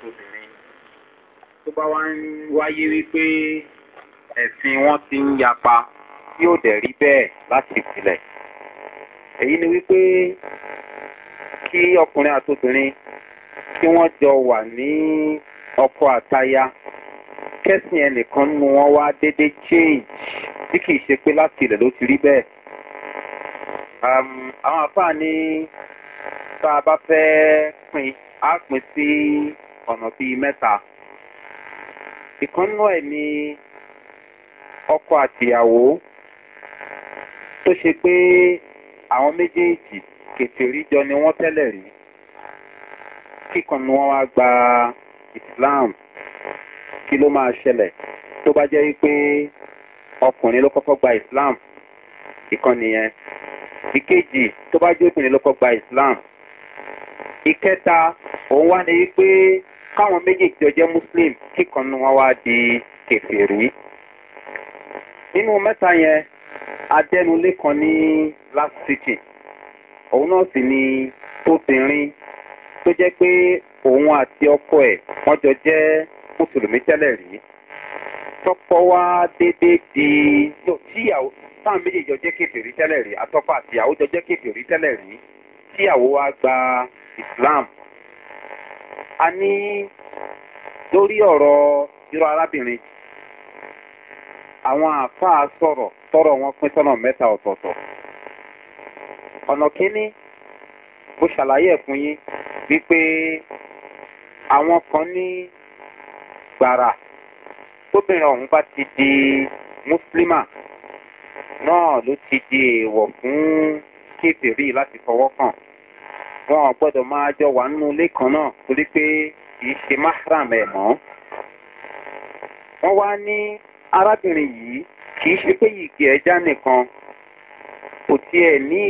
àtòbìnrin tó bá wá ń wáyé wípé ẹ̀sìn wọn ti ń yapa tí ò dẹ̀ rí bẹ́ẹ̀ láti ìpìlẹ̀ èyí ni wípé kí ọkùnrin àtòbìnrin kí wọ́n jọ wà ní ọkọ àtaya kẹ́sìn ẹnìkan nu wọn wá dédé change tí kìí ṣe pé láti ilẹ̀ ló ti rí bẹ́ẹ̀ àwọn àfáà ní tá a bá fẹ́ pin á pin sí. Si, ọ̀nà bíi mẹ́ta ìkànnú ẹ̀ ni ọkọ àtìyàwó tó ṣe pé àwọn méjèèjì kẹtẹ̀rí jọ ni wọ́n tẹ́lẹ̀ rí kíkan ni wọ́n wá gba islam kí ló máa ṣẹlẹ̀ tó bá jẹ́ wípé ọkùnrin ló kọ́kọ́ gba islam ìkan nìyẹn ìkejì tó bá jẹ́ obìnrin ló kọ́ gba islam ìkẹta òun wá ní wípé káwọn méjèèjì jọ jẹ́ muslim kí kan nu wọn wá di kẹfìrí. nínú mẹ́ta yẹn adẹ́nulé kan ní last city òun náà sì ni tóbìnrin tó jẹ́ pé òun àti ọkọ ẹ̀ wọ́n jọ jẹ́ mùsùlùmí tẹ́lẹ̀ rí tọkọ wa déédéé di tíyàwó táwọn méjèèjì jọ jẹ́ kẹfìrí tẹ́lẹ̀ rí atọ́kọ àtìyàwó jọ jẹ́ kẹfìrí tẹ́lẹ̀ rí tíyàwó wa gba islam a ní lórí ọ̀rọ̀ irọ́ arábìnrin àwọn àáfàá sọ̀rọ̀ tọrọ wọn pín sọ́nà mẹ́ta ọ̀tọ̀ọ̀tọ̀ ọ̀nà kínní mo ṣàlàyé ẹ̀ fún yín wípé àwọn kan ní gbàrà tóbìnrin ọ̀hún bá ti di mùsùlùmá náà ló ti di èèwọ̀ fún kébèrè láti fọwọ́ kàn wọn ò gbọ́dọ̀ máa jọ wà nínú ilé kan náà torí pé kì í ṣe mahram ẹ̀ mọ́. wọ́n wá ní arábìnrin yìí kì ṣe pé yìgì ẹja nìkan kò tiẹ̀ ní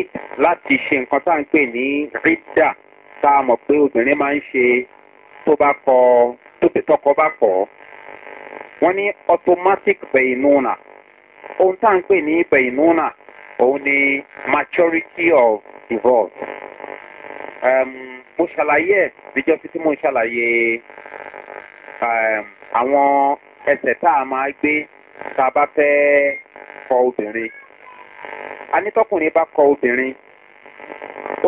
láti ṣe nǹkan tá à ń pè ní rídà tá a mọ̀ pé obìnrin máa ń ṣe tó bá kọ tó tọkọ bá kọ̀ ọ́. ní automatic bẹ̀yìnúnà ohun tá à ń pè ní bẹ̀yìnúnà òun ni maturity of divorce. Um, mo ṣàlàyé ẹ̀ níjọ́ títí mo ṣàlàyé um, àwọn ẹsẹ̀ tá a máa gbé tá a bá fẹ́ kọ obìnrin anítọ́kùnrin bá kọ obìnrin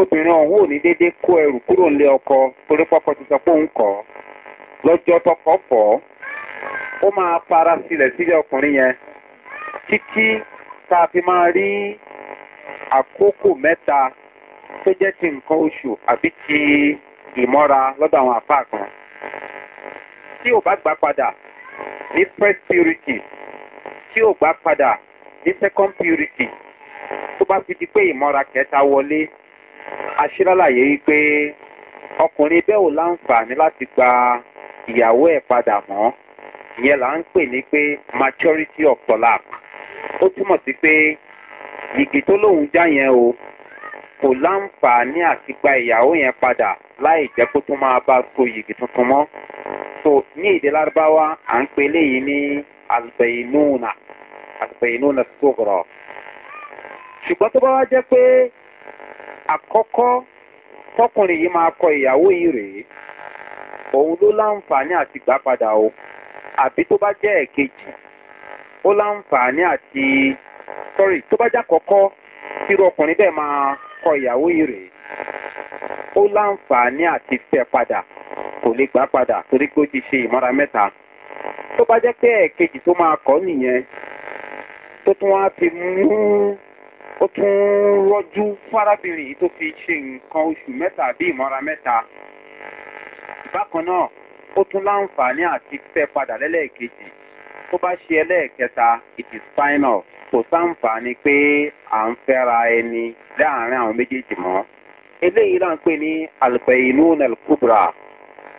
obìnrin ọ̀hún ò ní déédéé kó ẹrù kúrò ńlé ọkọ torí pọkọ ti sọ pé òun kọ lọ́jọ́ tọkọ fọ́ ó máa para sílẹ̀ sílẹ̀ ọkùnrin yẹn títí tá a fi máa rí àkókò mẹ́ta tó jẹ́ ti nǹkan oṣù àbí ti ìmọ́ra lọ́dọ̀ àwọn àpá kan tí ò bá gbà padà ní first purity tí ò gbà padà ní second purity tó bá fi di pé ìmọ́ra kẹta wọlé aṣílálàyé wípé ọkùnrin bẹ́ẹ̀ ò láǹfààní láti gba ìyàwó ẹ̀ ń pè ní pé maturity of kò láǹfààní àti gba ìyàwó yẹn padà láì jẹ́ kó tó máa bá so yìgì tuntun mọ́. so ní èdè lárúbáwá à ń pe eléyìí ní albẹ̀inúna albẹ̀inúna sọ̀rọ̀. ṣùgbọ́n tó bá wá jẹ́ pé àkọ́kọ́ tọkùnrin yìí máa kọ ìyàwó yìí rèé òun ló láǹfààní àti gbà padà o àbí tó bá jẹ́ ẹ̀kejì ó láǹfààní àti sorry tó bá jẹ́ àkọ́kọ́ tí irú ọkùnrin bẹ́ẹ̀ máa. ọkọ ìyàwó yìí rèé ó láǹfààní àti fẹ́ padà kò lè gbà padà torí pé ó ti ṣe ìmọ́ra mẹ́ta tó bá jẹ́ pé ẹ̀ẹ̀kejì tó máa kọ́ nìyẹn tó tún wá fi mú ó tún rọ́jú fárábìnrin yìí tó fi ṣe nǹkan oṣù mẹ́ta bí ìmọ́ra mẹ́ta bákan náà ó tún láǹfààní àti fẹ́ padà lẹ́lẹ́ẹ̀kejì tó bá ṣe ẹlẹ́ẹ̀kẹta it is final. kò sáǹfààní pé à ń fẹ́ra ẹni láàrin àwọn méjèèjì mọ́ eléyìí là ń pè ní alfẹ̀yìnún alkubra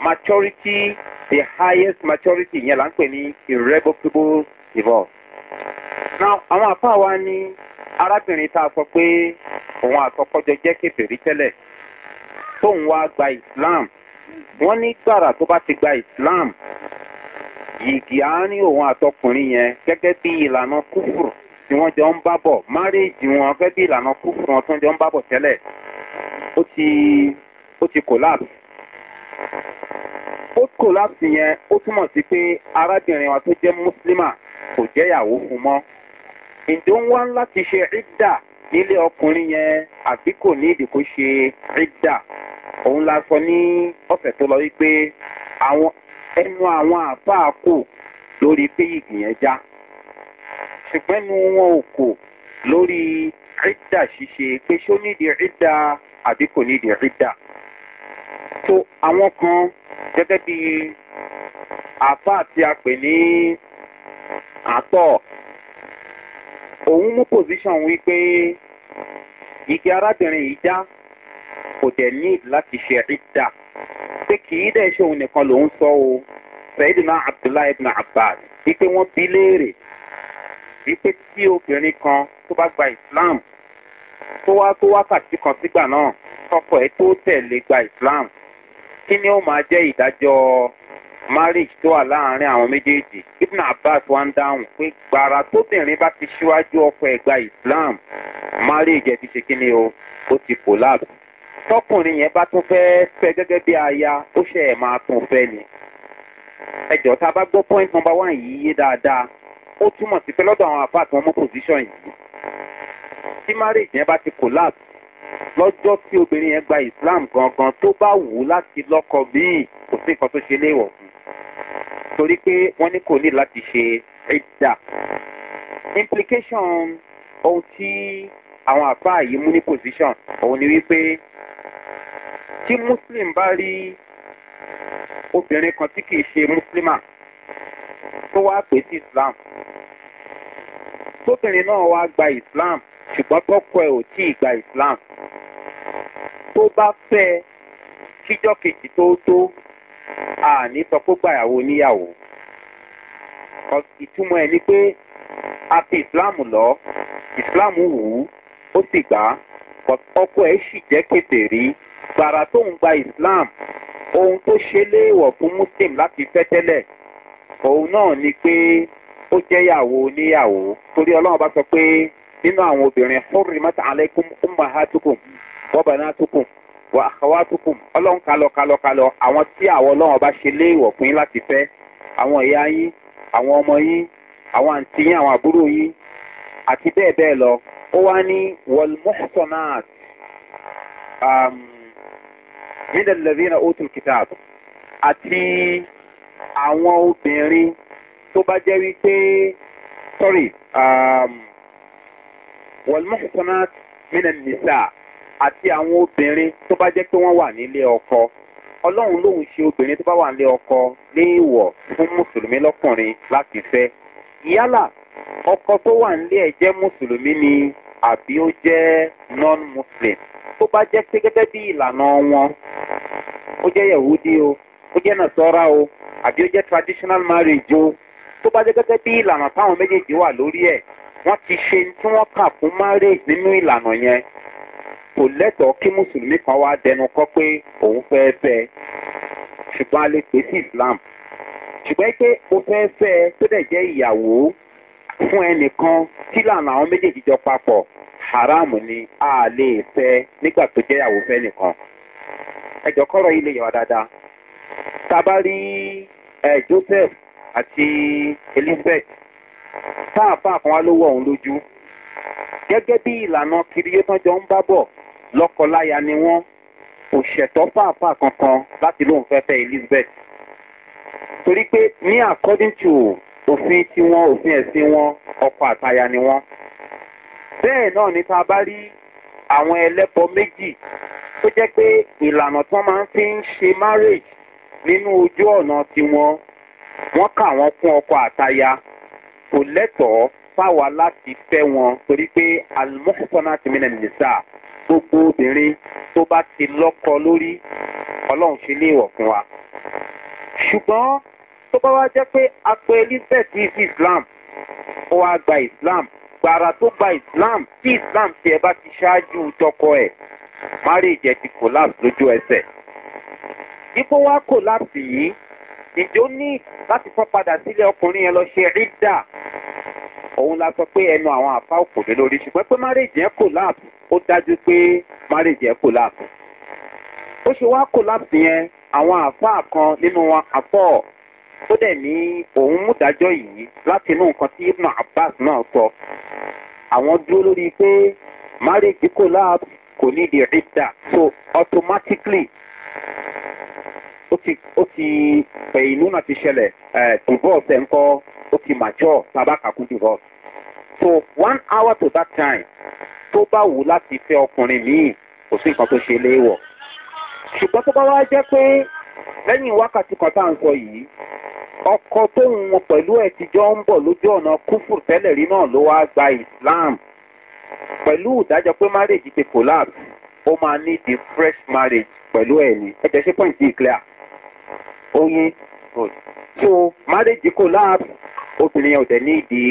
maturity the highest maturity yẹn là ń pè ní irrevocable divorce. now àwọn àpá wa ní arábìnrin tá a sọ pé òun àtọkọjọ jẹ́ kẹfẹ́rí tẹ́lẹ̀ tóun wá gba islam wọn ní gbàrà tó bá ti gba islam yìgì àárín òun àtọkùnrin yẹn gẹ́gẹ́ bí ìlànà kúfùrù tí wọ́n jọ ń bá bọ̀ márèèjì wọn fẹ́ bí ìlànà kú fún wọn tí wọ́n jọ ń bá bọ̀ tẹ́lẹ̀ ó ti ó ti collapse ó collapse yẹn ó túmọ̀ sí pé arábìnrin wa tó jẹ́ mùsùlùmá kò jẹ́yàwó fún mọ́ ǹjẹ́ ó ń wá láti ṣe ìdá nílé ọkùnrin yẹn àbí kò ní ìdí kó ṣe ìdá òun la sọ ní ọ̀sẹ̀ tó lọ wípé àwọn ẹnu àwọn àbá kù lórí pé ìgbìyànjá ṣùgbọ́n nu wọn ò kò lórí rídà ṣíṣe pé ṣó nídìí rídà àbí kò nídìí rídà. tó àwọn kan gẹ́gẹ́ bí àbá tí a pè ní àtọ̀ òun mú pòsíṣàn wípé igi arábìnrin yìí dá kò dẹ̀ ní láti ṣe rídà pé kì í dẹ̀ ṣe òun nìkan lòún sọ o sẹ́yìn náà abdullahi ibn abbas wípé wọ́n bí léèrè wípé tí obìnrin kan tó bá gba islam tó wá tó wákàtí kan sígbà náà tọkọ ẹ tó tẹ̀lé gba islam kí ni ó máa jẹ́ ìdájọ́ marriage tó wà láàárín àwọn méjèèjì ibn abbas wá ń dáhùn pé gbàrà tóbìnrin bá ti ṣíwájú ọkọ ẹ̀ gba islam marriage ẹ̀ ti ṣe kí ni o ó ti collapse tọkùnrin yẹn bá tún fẹ́ fẹ́ gẹ́gẹ́ bí aya ó ṣe ẹ̀ máa tún fẹ́ ni ẹjọ́ tá a bá gbọ́ point number one yìí yé dáadáa ó túmọ̀ sí pé lọ́dọ̀ àwọn àbá tí wọ́n mú pòsíṣàn yìí tí marriage yẹn bá ti collapse lọ́jọ́ tí obìnrin yẹn gba islam gangan tó bá wù ú láti lọ́kọ míì kò sí nǹkan tó ṣe léèwọ̀ fún un torí pé wọ́n ní kò ní láti ṣe ẹ̀dà implication ohun tí àwọn àbá yìí mú ní pòsíṣàn òun ni wípé tí muslim bá rí obìnrin kan tí kì í ṣe muslima tó wá pè sí islam tóbìnrin náà wá gba islam ṣùgbọ́n tọ́kọ ẹ̀ ò tí ì gba islam tó bá fẹ́ kíjọ́ kejì tó tó àní sọ pé gbàyàwó níyàwó ìtumọ̀ ẹ̀ ni pé a fi islam lọ islam wù ú ó sì gbà á ọkọ ẹ̀ sì jẹ́ kékeré gbàrà tó ń gba islam ohun tó ṣe léèwọ̀ fún muslim láti fẹ́ tẹ́lẹ̀ òun náà ni pé ó jẹ́yàwó oníyàwó torí ọlọ́run bá sọ pé nínú àwọn obìnrin fúnri mọ́tà aleikum umma ha tukùn wọ́bà náà tukùn wà àkàwà tukùn ọlọ́run kalọ̀ kalọ̀ kalọ̀ àwọn tí àwọn ọlọ́run bá ṣe léèwọ̀ fún yín láti fẹ́ àwọn ìyá yín àwọn ọmọ yín àwọn àǹtí yín àwọn àbúrò yín àti bẹ́ẹ̀ bẹ́ẹ̀ lọ ó wá ní wọlmọ́sọ̀nàt mídàlẹ́dínà um, ótùl kìtàb àti àwọn obìnrin tó bá jẹ́ wípé sorry um, wọlmọ́kùnrin mina nisa àti àwọn obìnrin tó bá jẹ́ pé wọ́n wà nílé ọkọ ọlọ́run lòun ṣe obìnrin tó bá wà nílé ọkọ ní ìwọ̀ fún mùsùlùmí lọ́kùnrin láti fẹ́ yálà ọkọ tó wà nílé ẹ̀ jẹ́ mùsùlùmí ni àbí ó jẹ́ non-muslim tó bá jẹ́ pé gẹ́gẹ́ bí ìlànà wọn ó jẹ́ yahudi o ó jẹ́ nasọ́ra o àbí ó jẹ́ traditional marriage o tó bá jẹ́ gẹ́gẹ́ bí ìlànà táwọn méjèèjì wà lórí ẹ̀ wọ́n ti ṣe tí wọ́n kà fún marriage nínú ìlànà yẹn kò lẹ́tọ̀ọ́ kí mùsùlùmí kan wá dẹnu kọ́ pé òun fẹ́ fẹ́ ṣùgbọ́n a lè pè sí islam ṣùgbọ́n pé o fẹ́ fẹ́ tó dẹ̀ jẹ́ ìyàwó fún ẹnìkan tí lànà àwọn méjèèjì jọ papọ̀ haram ni a lè fẹ́ nígbà tó jẹ́ ìyàwó fẹ́ nìkan ẹjọ́ kọ́rọ̀ yìí lè yọ̀ dáadáa tá a bá rí joseph àti elizabeth fáàfáà kan wá ló wọ̀ òun lójú gẹ́gẹ́ bí ìlànà kiriyétọ́jọ́ ń bá bọ̀ lọ́kọláya ni wọ́n kò ṣẹ̀tọ́ fáàfáà kankan láti lóun fẹ́ fẹ́ elizabeth torí pé ní according to òfin tiwọn òfin ẹ̀sìn wọn ọkọ̀ àtaya ni wọ́n bẹ́ẹ̀ náà ni tá a bá rí àwọn ẹlẹ́bọ méjì tó jẹ́ pé ìlànà tí wọ́n máa ń fi ń ṣe marriage nínú ojú ọ̀nà tiwọn wọ́n kà wọ́n fún ọkọ àtaya kò lẹ́tọ̀ọ́ fáwa láti fẹ́ wọn torí pé alimọ́kùnkànnà ti mìíràn nìsà gbogbo obìnrin tó bá ti lọ́kọ lórí ọlọ́run fi lé ìwọ̀ fún wa. ṣùgbọ́n tó bá wá jẹ́ pé apẹ elizabeth ní islam ó wá gba islam gbàrà tó gba islam tí islam ti ẹ bá ti ṣáájú tọkọ ẹ marriage ẹ ti collapse lójú ẹsẹ̀. ipò wa collapse yìí ìjọ ní láti fọ́ padà sílé ọkùnrin yẹn lọ ṣe rídà òun la sọ pé ẹnu àwọn àfa kò dé lórí ṣùgbọ́n pé márèjì yẹn kò láàbù ó dájú pé márèjì yẹn kò láàbù ó ṣe wá kò láàbù yẹn àwọn àfa kan nínú wọn àfọ tó dẹ̀ ní òun múdájọ́ yìí láti inú nǹkan tí ibn abbas náà sọ àwọn dúró lórí pé márèjì kò láàbù kò ní di rídà so automatically ó ti ó ti pẹ̀lú náà ti ṣẹlẹ̀ divorce ẹ̀ ń kọ́ ó ti mature tàbá kàkú divorce. so one hour to that time tó bá wù láti fẹ́ ọkùnrin míì kò sí nǹkan tó ṣe léèwọ̀. ṣùgbọ́n tó bá wá jẹ́ pé lẹ́yìn wákàtí kan tá à ń sọ yìí ọkọ tóun wọn pẹ̀lú ẹ̀ tijọ́ ń bọ̀ lójú ọ̀nà kúfùr tẹ́lẹ̀ rí náà ló wá gba islam pẹ̀lú ìdájọ́ pé marriage ti collapse ó máa ní the fresh marriage pẹ̀lú ẹ̀ ní ẹ̀jẹ̀ ṣe point yìí clear. oyin oh, so marriage collapse obìnrin yẹn ò ní ìdí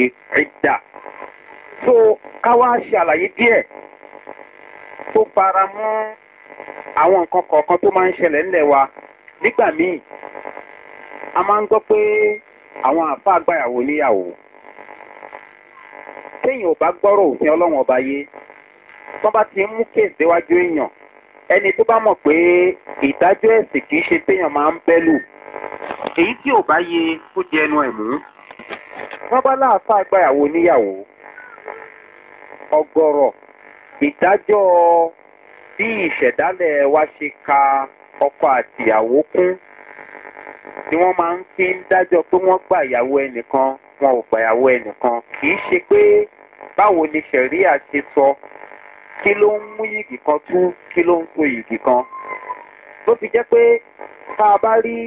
so ká wá ṣe àlàyé díẹ̀ tó para mọ́ àwọn nǹkan kọ̀ọ̀kan tó máa ń ṣẹlẹ̀ ńlẹ̀ wa nígbà míì a máa ń gbọ́ pé àwọn àfa àgbàyàwó níyàwó téèyàn ò bá gbọ́rọ̀ òfin ọlọ́run ọba yé tó ti ń mú kéèsì déwájú ẹni tó bá mọ̀ pé ìdájọ́ ẹ̀sìn kì í ṣe téèyàn máa ń bẹ́ lù èyí tí ò bá yẹ kó di ẹnu ẹ̀ mú. wọ́n bá láàfáà gbàyàwó níyàwó ọgọ́rọ̀ ìdájọ́ bí ìṣẹ̀dálẹ̀ wa ṣe ka ọkọ àtìyàwó kún ni wọ́n máa ń fi ń dájọ́ pé wọ́n gba ìyàwó ẹnìkan wọn ò gba ìyàwó ẹnìkan kì í ṣe pé báwo ni sẹ̀ríà ṣe sọ. So kí ló ń mú yìgì kan tú kí ló ń so yìgì kan ló fi jẹ́ pé tá a bá rí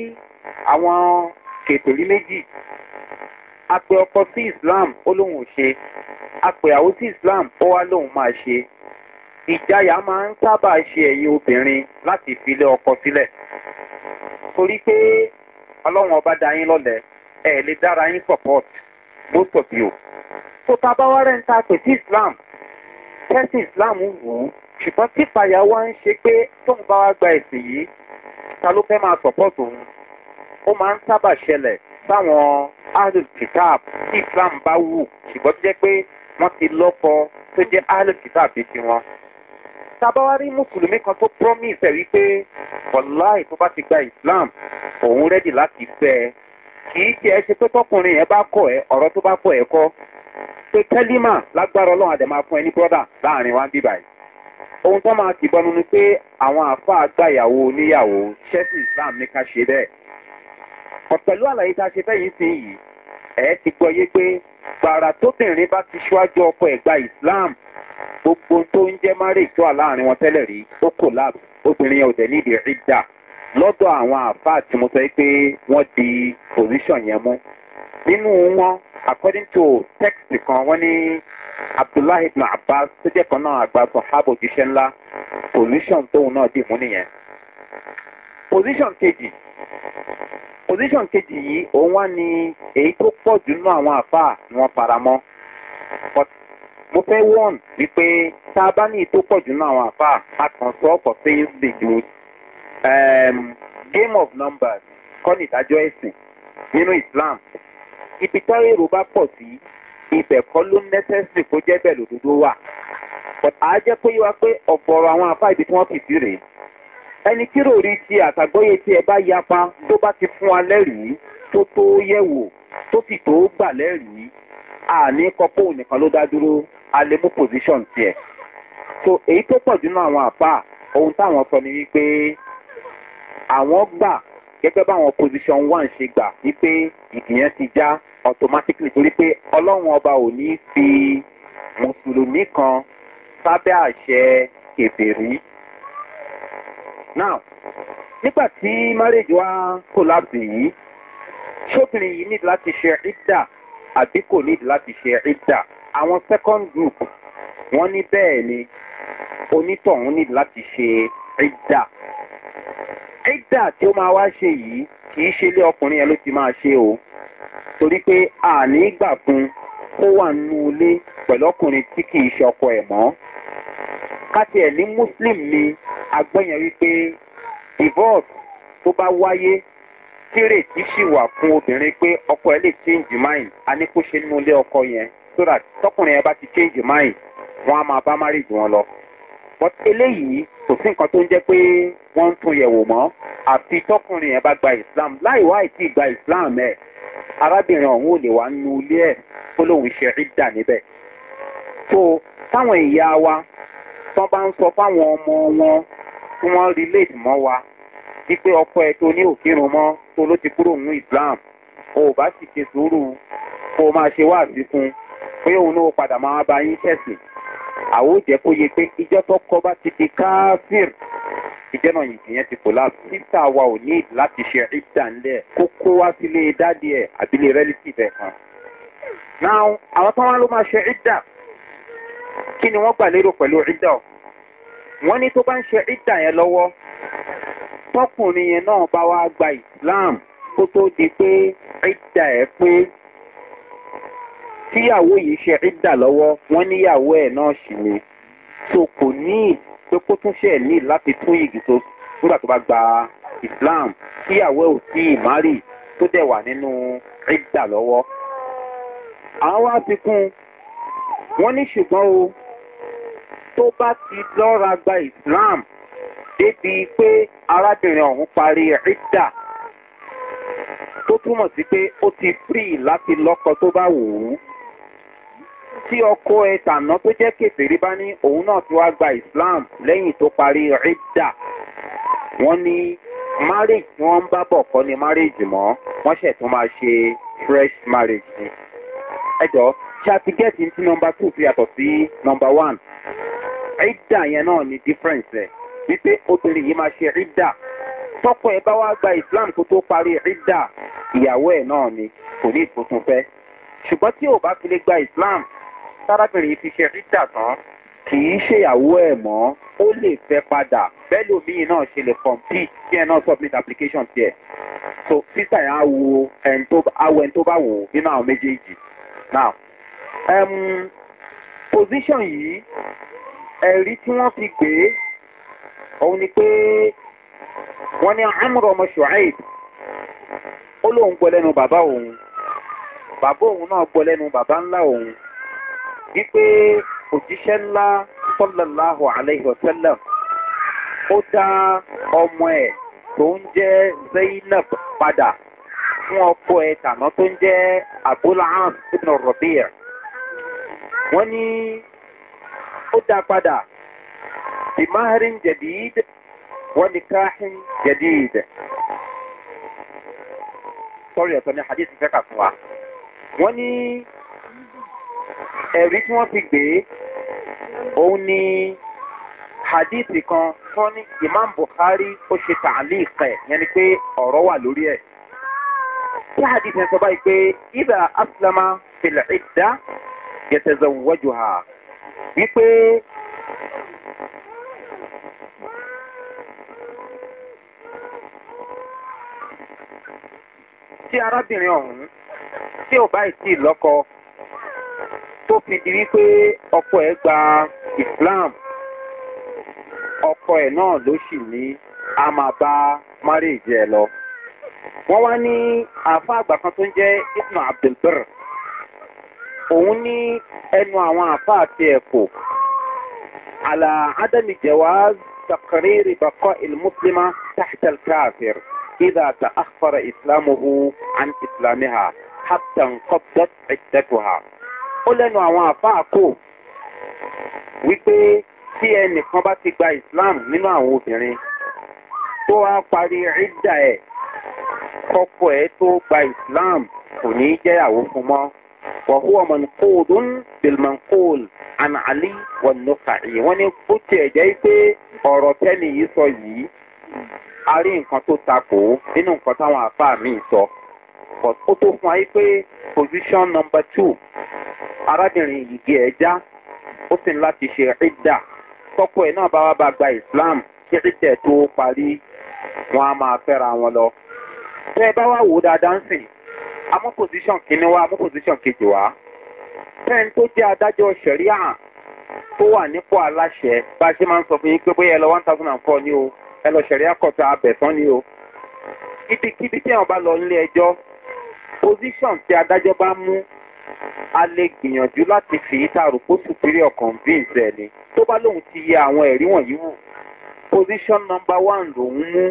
àwọn kètòrí méjì a pe ọkọ sí islam ó lóun ò ṣe a pe àwọn sí islam ó wá lóun máa ṣe ìjáyà máa ń sábà ṣe ẹ̀yin obìnrin láti filé ọkọ sílẹ̀ torí pé ọlọ́run ọba da yín lọ́lẹ̀ ẹ̀ lè dára yín support most of you. tó ta rẹ̀ ń ta pè sí islam tẹ́sí islam wù ú ṣùgbọ́n típayà wa ń ṣe pé tóun bá wá gba ẹ̀sìn yìí ta ló fẹ́ máa sọ̀pọ̀tù òun ó máa ń sábà ṣẹlẹ̀ sáwọn ahlul tí islam bá wù ṣùgbọ́n tó jẹ́ pé wọ́n ti lọ́kọ tó jẹ́ ahlul kitab bíi tiwọn. tábàwá rí mùsùlùmí kan tó promise ẹ̀ wípé wàláì tó bá ti gba islam òun rẹ́dì láti fẹ́ ẹ kì í ṣe ẹ ṣe pé tọkùnrin yẹn bá kọ ẹ ọ̀rọ̀ tó bá kọ ẹ kọ́ pé kẹ́límà lágbára ọlọ́run àdè máa fún ẹ ní brọ́dà láàrin wa ń bíbà yìí. ohun tó máa kì bọnu ni pé àwọn àáfàá gbàyàwó oníyàwó ṣẹ́sì islam ní ká ṣe bẹ́ẹ̀. ọ̀pẹ̀lú àlàyé tá a ṣe fẹ́yìí sí yìí ẹ̀ ti gbọ́ yé pé gbàrà tóbìnrin bá ti ṣíwájú ọkọ ẹ̀gbà islam gbogbo tó ń jẹ́ marriage tó wà láàrin wọn tẹ́lẹ̀ rí ó kò láàbù obìnrin yẹn ò dẹ̀ nídìí rí dà lọ́dọ̀ àwọn àáfàá tí mo sọ pé wọ́n di position yẹn mú nínú wọn according to text kan wọ́n ní abdullahi ibn abbas tó jẹ́ kan náà àgbà sọ̀hábò jíṣẹ́ ńlá pollution tóun náà dì mú nìyẹn. position kejì position kejì yìí òun wá ní èyí tó pọ̀ jù nínú àwọn àfáà ni wọ́n fara mọ́ but mo fẹ́ won wípé tá a bá ní èyí tó pọ̀ jù nínú àwọn àfáà a kàn sọ ọkọ̀ game of numbers kọ́ ní ìdájọ́ ẹ̀sìn nínú islam ibi táwọn èrò bá pọ̀ sí ibẹ̀ kọ́ ló nẹ́sẹ̀sì kó jẹ́ bẹ́ẹ̀ lòdodo wà àá jẹ́ pé wá pé ọ̀pọ̀rọ̀ àwọn àfa ibi tí wọ́n fìdí rèé ẹni tí ròrí ti àtàgbọ́yé tí ẹ bá yapa tó bá ti fún wa lẹ́rìí tó tó yẹ̀ wò tó sì tó gbà lẹ́rìí àní kọ́pọ̀ nìkan ló dá dúró alẹ́ mú pòsíṣọ̀n tiẹ̀ so èyí tó pọ̀ jù náà àwọn àfa ohun táwọn sọ ni wípé àwọn gbà gẹ́gẹ́ báwọn position one ṣe gbà wípé ìgbìyàn ti já automatically torí pé ọlọ́run ọba ò ní fi mùsùlùmí kan sábẹ́ àṣẹ kẹfẹ́rí. now nígbà tí marriage wa collapse yìí ṣóbìnrin yìí need láti ṣe ìdá àbí kò need láti ṣe ìdá àwọn second group wọ́n ní bẹ́ẹ̀ ni onítọ̀hún need láti ṣe ìdá ẹ̀dà tí ó máa wá ṣe yìí kì í ṣe ilé ọkùnrin yẹn ló ti máa ṣe o torí pé àní gbà fún kó wà nínú ilé pẹ̀lú ọkùnrin tí kì í ṣe ọkọ ẹ̀ mọ́ káti ẹ̀ ní muslim ni agbọ́yẹn wípé divorce tó bá wáyé kéré tí sì wà fún obìnrin pé ọkọ ẹ lè change mind a ní kó ṣe nínú ilé ọkọ yẹn so that tọkùnrin yẹn bá ti change mind wọn á máa bá marriage wọn lọ but eléyìí kò sí nǹkan tó ń jẹ́ pé wọ́n ń tún yẹ̀wò mọ́ àfi tọkùnrin yẹn bá gba islam láì wá ìtì gba islam ẹ̀ arábìnrin ọ̀hún ò lè wá nu ilé ẹ̀ tó lóun ṣe ìdà níbẹ̀. tó táwọn ìyá wa tán bá ń sọ fáwọn ọmọ wọn tí wọ́n relate mọ́ wa wípé ọkọ ẹ tó ní òkírun mọ́ tó ló ti kúrò nínú islam o ò bá sì ṣe sùúrù kó o máa ṣe wá àfikún pé òun náà padà máa bá yín tẹ̀sìn àwọn ò jẹ́ kó yẹ pé ìjọ́ tó kọ́ bá ti di káfíìr ìjẹ́ náà yìí ìyẹn ti collapse. sísá wa ò ní láti ṣe ìdá ńlẹ̀ kó kó wá sílé dádì ẹ̀ àbílẹ̀ relative ẹ̀ kan. now àwọn tó wọn ló máa ṣe ìdá kí ni wọ́n gbà lérò pẹ̀lú ìdá o. wọ́n ní tó bá ń ṣe ìdá yẹn lọ́wọ́ tọkùnrin yẹn náà bá wá gba islam kó tó di pé ìdá ẹ̀ pé tíyàwó yìí ṣe ìdá lọ́wọ́ wọ́n níyàwó ẹ̀ náà sì ni. so kò ní pé kó tún ṣe ní láti tún yìgì tó nígbà tó bá gba islam kíyàwó ò tí ì má rì tó dẹ̀ wà nínú ìdà lọ́wọ́. àwọn àfikún wọn ní ṣùgbọ́n o tó bá ti lọ́ra gba islam débi pé arábìnrin ọ̀hún parí ìdà tó túmọ̀ sí pé ó ti free láti lọ́kọ tó bá wù ú tí ọkọ ẹ tàná tó jẹ́ kẹfìrí bá ní òun náà ti wá gba islam lẹ́yìn tó parí rídà wọ́n ní marriage tí wọ́n ń bá bọ̀ kọ́ ni marriage mọ́ wọ́n ṣẹ̀ tó máa ṣe fresh marriage ni. ẹ jọ ṣé a ti nọmba two fi yàtọ̀ sí nọmba one rídà yẹn náà ni difference ẹ̀ wípé obìnrin yìí máa ṣe rídà tọkọ ẹ bá wá gba islam tó tó parí rídà ìyàwó ẹ náà ni kò ní ìtúntún fẹ́ ṣùgbọ́n tí ò bá fi lè gba islam tárábìnrin ti ṣe rídà tán kì í ṣèyàwó ẹ̀ mọ́ ó lè fẹ́ padà bẹ́ẹ̀ lómiì náà ṣe lè complete kí ẹ náà submit application tiẹ̀ so sísà yẹn á wo ẹni tó awọ ẹni tó bá wò nínú àwọn méjèèjì now um, position yìí ẹ̀rí tí wọ́n fi gbé òun ni pé wọ́n ní amúrò ọmọ ṣùáìd ó lóun gbọ́ lẹ́nu bàbá òun bàbá òun náà gbọ́ lẹ́nu bàbá ńlá òun. wípé òjíṣẹ́ ńlá sọ́lọ́láhu aláìhọ̀sẹ́lẹ̀ ó dá ọmọ ẹ̀ tó ń jẹ́ zainab padà fún ọkọ ẹ̀ tàná tó ń jẹ́ abúláhàn ibn rọ̀bìyà wọ́n ní ó dá padà bimaharin jadid wọ́n ní káhín jadid sọ́rí ẹ̀tọ́ ní hadith fẹ́ kà ẹ̀rí tí wọ́n ti gbé òun ni hadithi kan tó ní imam buhari ó ṣe tààlì ìkẹ yẹn ni pé ọ̀rọ̀ wà lórí ẹ̀. tí hadith yẹn sọ báyìí pé ibà aslama fìlà ìdá yẹtẹ̀zẹ̀ wọ́jú ha wípé tí arábìnrin ọ̀hún tí ò báyìí tí ì tó fi di wípé ọkọ ẹ̀ gba islam ọkọ ẹ̀ náà ló sì ní a máa bá márèèjì ẹ̀ lọ. wọ́n wá ní àáfà àgbà kan tó ń jẹ́ ibn abdulbar òun ní ẹnu àwọn àáfà àti ẹ̀kọ́ àlà ádámì jẹ̀wàá taqriri bakọ́ ilmuslima tahtal káfíìr ìdá ta àkfàrà ìsìlámù hu àn ìsìlámì ha hàtàn kọ́bdọ́t ìdẹ́kù ha ó lẹ́nu àwọn àfáà kò wípé tí ẹnìkan bá ti gba islam nínú àwọn obìnrin tó wá parí ìdá ẹ̀ kọ́kọ́ ẹ̀ tó gba islam kò ní í jẹ́yàwó fún mọ́ wàhú ọmọnkóòdùn bilmankóòl ànàlí wọnùkàì wọ́n ní bó tiẹ̀ jẹ́ pé ọ̀rọ̀ tẹ́lẹ̀ yìí sọ yìí a rí nǹkan tó takò nínú nǹkan táwọn àfáà míì sọ ó tó fún wa yìí pé position number two arábìnrin yìí di ẹja ó sì ń láti ṣe ìdá tọkọ ẹ náà bá wá bá gba islam kí ìdẹ tó parí wọn á máa fẹ́ra wọn lọ. tẹ́ ẹ bá wá wò ó dáadáa ń sìn amú pòsíṣàn kínní wá amú pòsíṣàn kejì wá. tẹ́ni tó jẹ́ adájọ́ sẹ̀ríà tó wà nípò aláṣẹ bá a ṣe máa ń sọ fún yín pé bóyá ẹ lọ one thousand and four ni o ẹ lọ sẹ̀ríà kọ̀tà abẹ̀sán ni o. ibikíbi tí àwọn bá lọ nílé ẹjọ́ pòsíṣàn tí adájọ́ bá mú a lè gbìyànjú láti fi ìta àròpó superior convince ẹ̀ ni tó bá lóun ti yẹ àwọn ẹ̀rí wọ̀nyí wò position number one lòun mú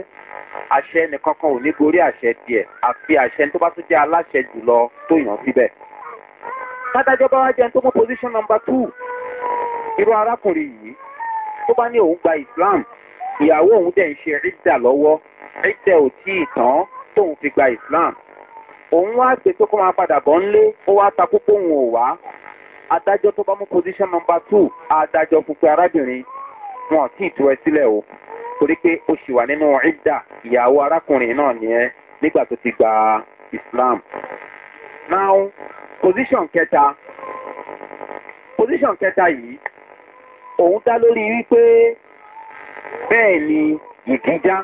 àṣẹ nìkankan ò ní gorí àṣẹ tiẹ̀ àfi àṣẹ tó bá tún jẹ́ aláṣẹ jùlọ tó yàn síbẹ̀ tádájọ́ bá wá jẹun tó mú position number two irú arákùnrin yìí tó bá ní òun gba islam ìyàwó òun dẹ̀ ń ṣe rídà lọ́wọ́ rídà ò tí ì tán tóun fi gba islam òun wá ṣe pé kó máa padà bọ̀ ńlé ó wá ta kókó òun ò wá adájọ́ tó bá mú position number two adájọ́ pípẹ́ arábìnrin wọn ò tí ì tú ẹ sílẹ̀ o torí pé ó sì wà nínú ìdá ìyàwó arákùnrin náà nìyẹn nígbà tó ti gba islam. now position kẹta position kẹta yìí òun dá lórí wípé bẹ́ẹ̀ ni ìdíjá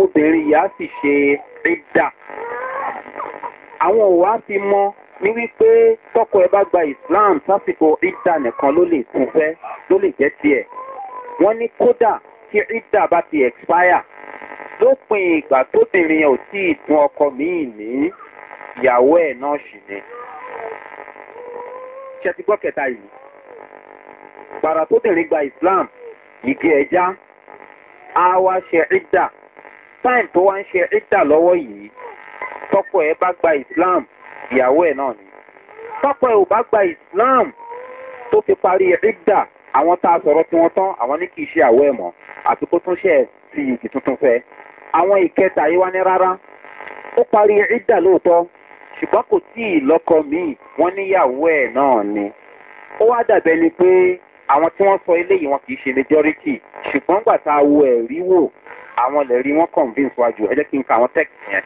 obìnrin yìí á sì ṣe ìdá àwọn ò wá fi mọ ní wípé tọkọ ẹ bá gba islam sásìkò ìdá nìkan ló lè tún fẹ́ ló lè jẹ́ tiẹ̀ wọ́n ní kódà tí ìdá bá ti expire lópin ìgbà tóbìnrin yẹn ò tí ì tún ọkọ míì ní ìyàwó ẹ̀ náà sì ni. ṣe ti gbọ́ kẹta yìí gbàrà tóbìnrin gba islam ìdí ẹja á wá ṣe ìdá táìm tó wá ń ṣe ìdá lọ́wọ́ yìí tọ́pọ̀ ẹ bá gba islam ìyàwó ẹ̀ náà ni tọ́pọ̀ ẹ ò bá gba islam tó fi parí ẹ̀dá àwọn tá a sọ̀rọ̀ tí wọ́n tán àwọn ní kì í ṣe àwọ̀ ẹ̀ mọ́ àti kó tún ṣe ẹ̀ sí ìyìnkì tuntun fẹ́ àwọn ìkẹta yìí wá ní rárá ó parí ẹ̀dá lóòótọ́ ṣùgbọ́n kò tí ì lọ́kọ míì wọ́n níyàwó ẹ̀ náà ni ó wá dàbẹ́ ni pé àwọn tí wọ́n sọ eléyìí wọn kì í ṣe majority ṣùgbọ́n gbà tá a wo ẹ̀rí wò àwọn lè wọn convince wájú ẹ jẹ́ kí n ka àwọn text yẹn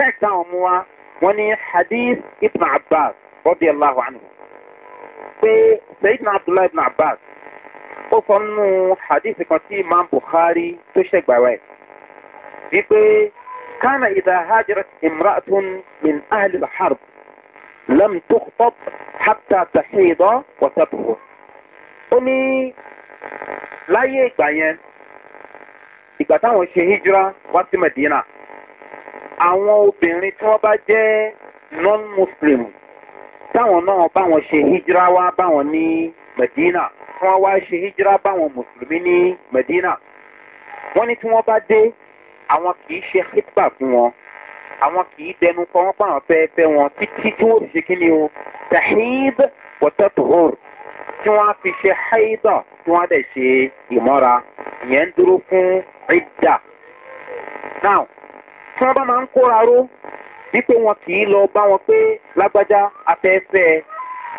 text táwọn mú wa wọ́n ní hadith ibn abbas rọ́bì aláhu anhu pé sayid na abdullahi ibn abbas ó sọ nínú hadith kan tí imam buhari tó ṣẹ̀gbàwẹ̀ wípé kánà ìdá hajjara imra'atun min ahli al-harb lam tukhtab hatta tahida wa ó ní láyé ìgbà yẹn ìgbà táwọn ṣe hijira wá sí medina àwọn obìnrin tí wọ́n bá jẹ́ non-muslim táwọn náà báwọn ṣe hijira wá báwọn ní medina wọ́n wá ṣe hijira báwọn mùsùlùmí ní medina wọ́n ní tí wọ́n bá dé àwọn kì í ṣe hitba fún wọn àwọn kì í dẹnu kọ wọn pàwọn fẹ́ fẹ́ wọn títí tí wọ́n ṣe kí ni o tahib wọ́tẹ́tùhùr tí wọ́n fi ṣe haidọ̀ tí wọ́n dẹ̀ ṣe ìmọ́ra ìyẹn dúró fún ìdá. now tí wọ́n bá máa ń kóra ró wípé wọn kì í lọ bá wọn pé lágbájá afẹ́fẹ́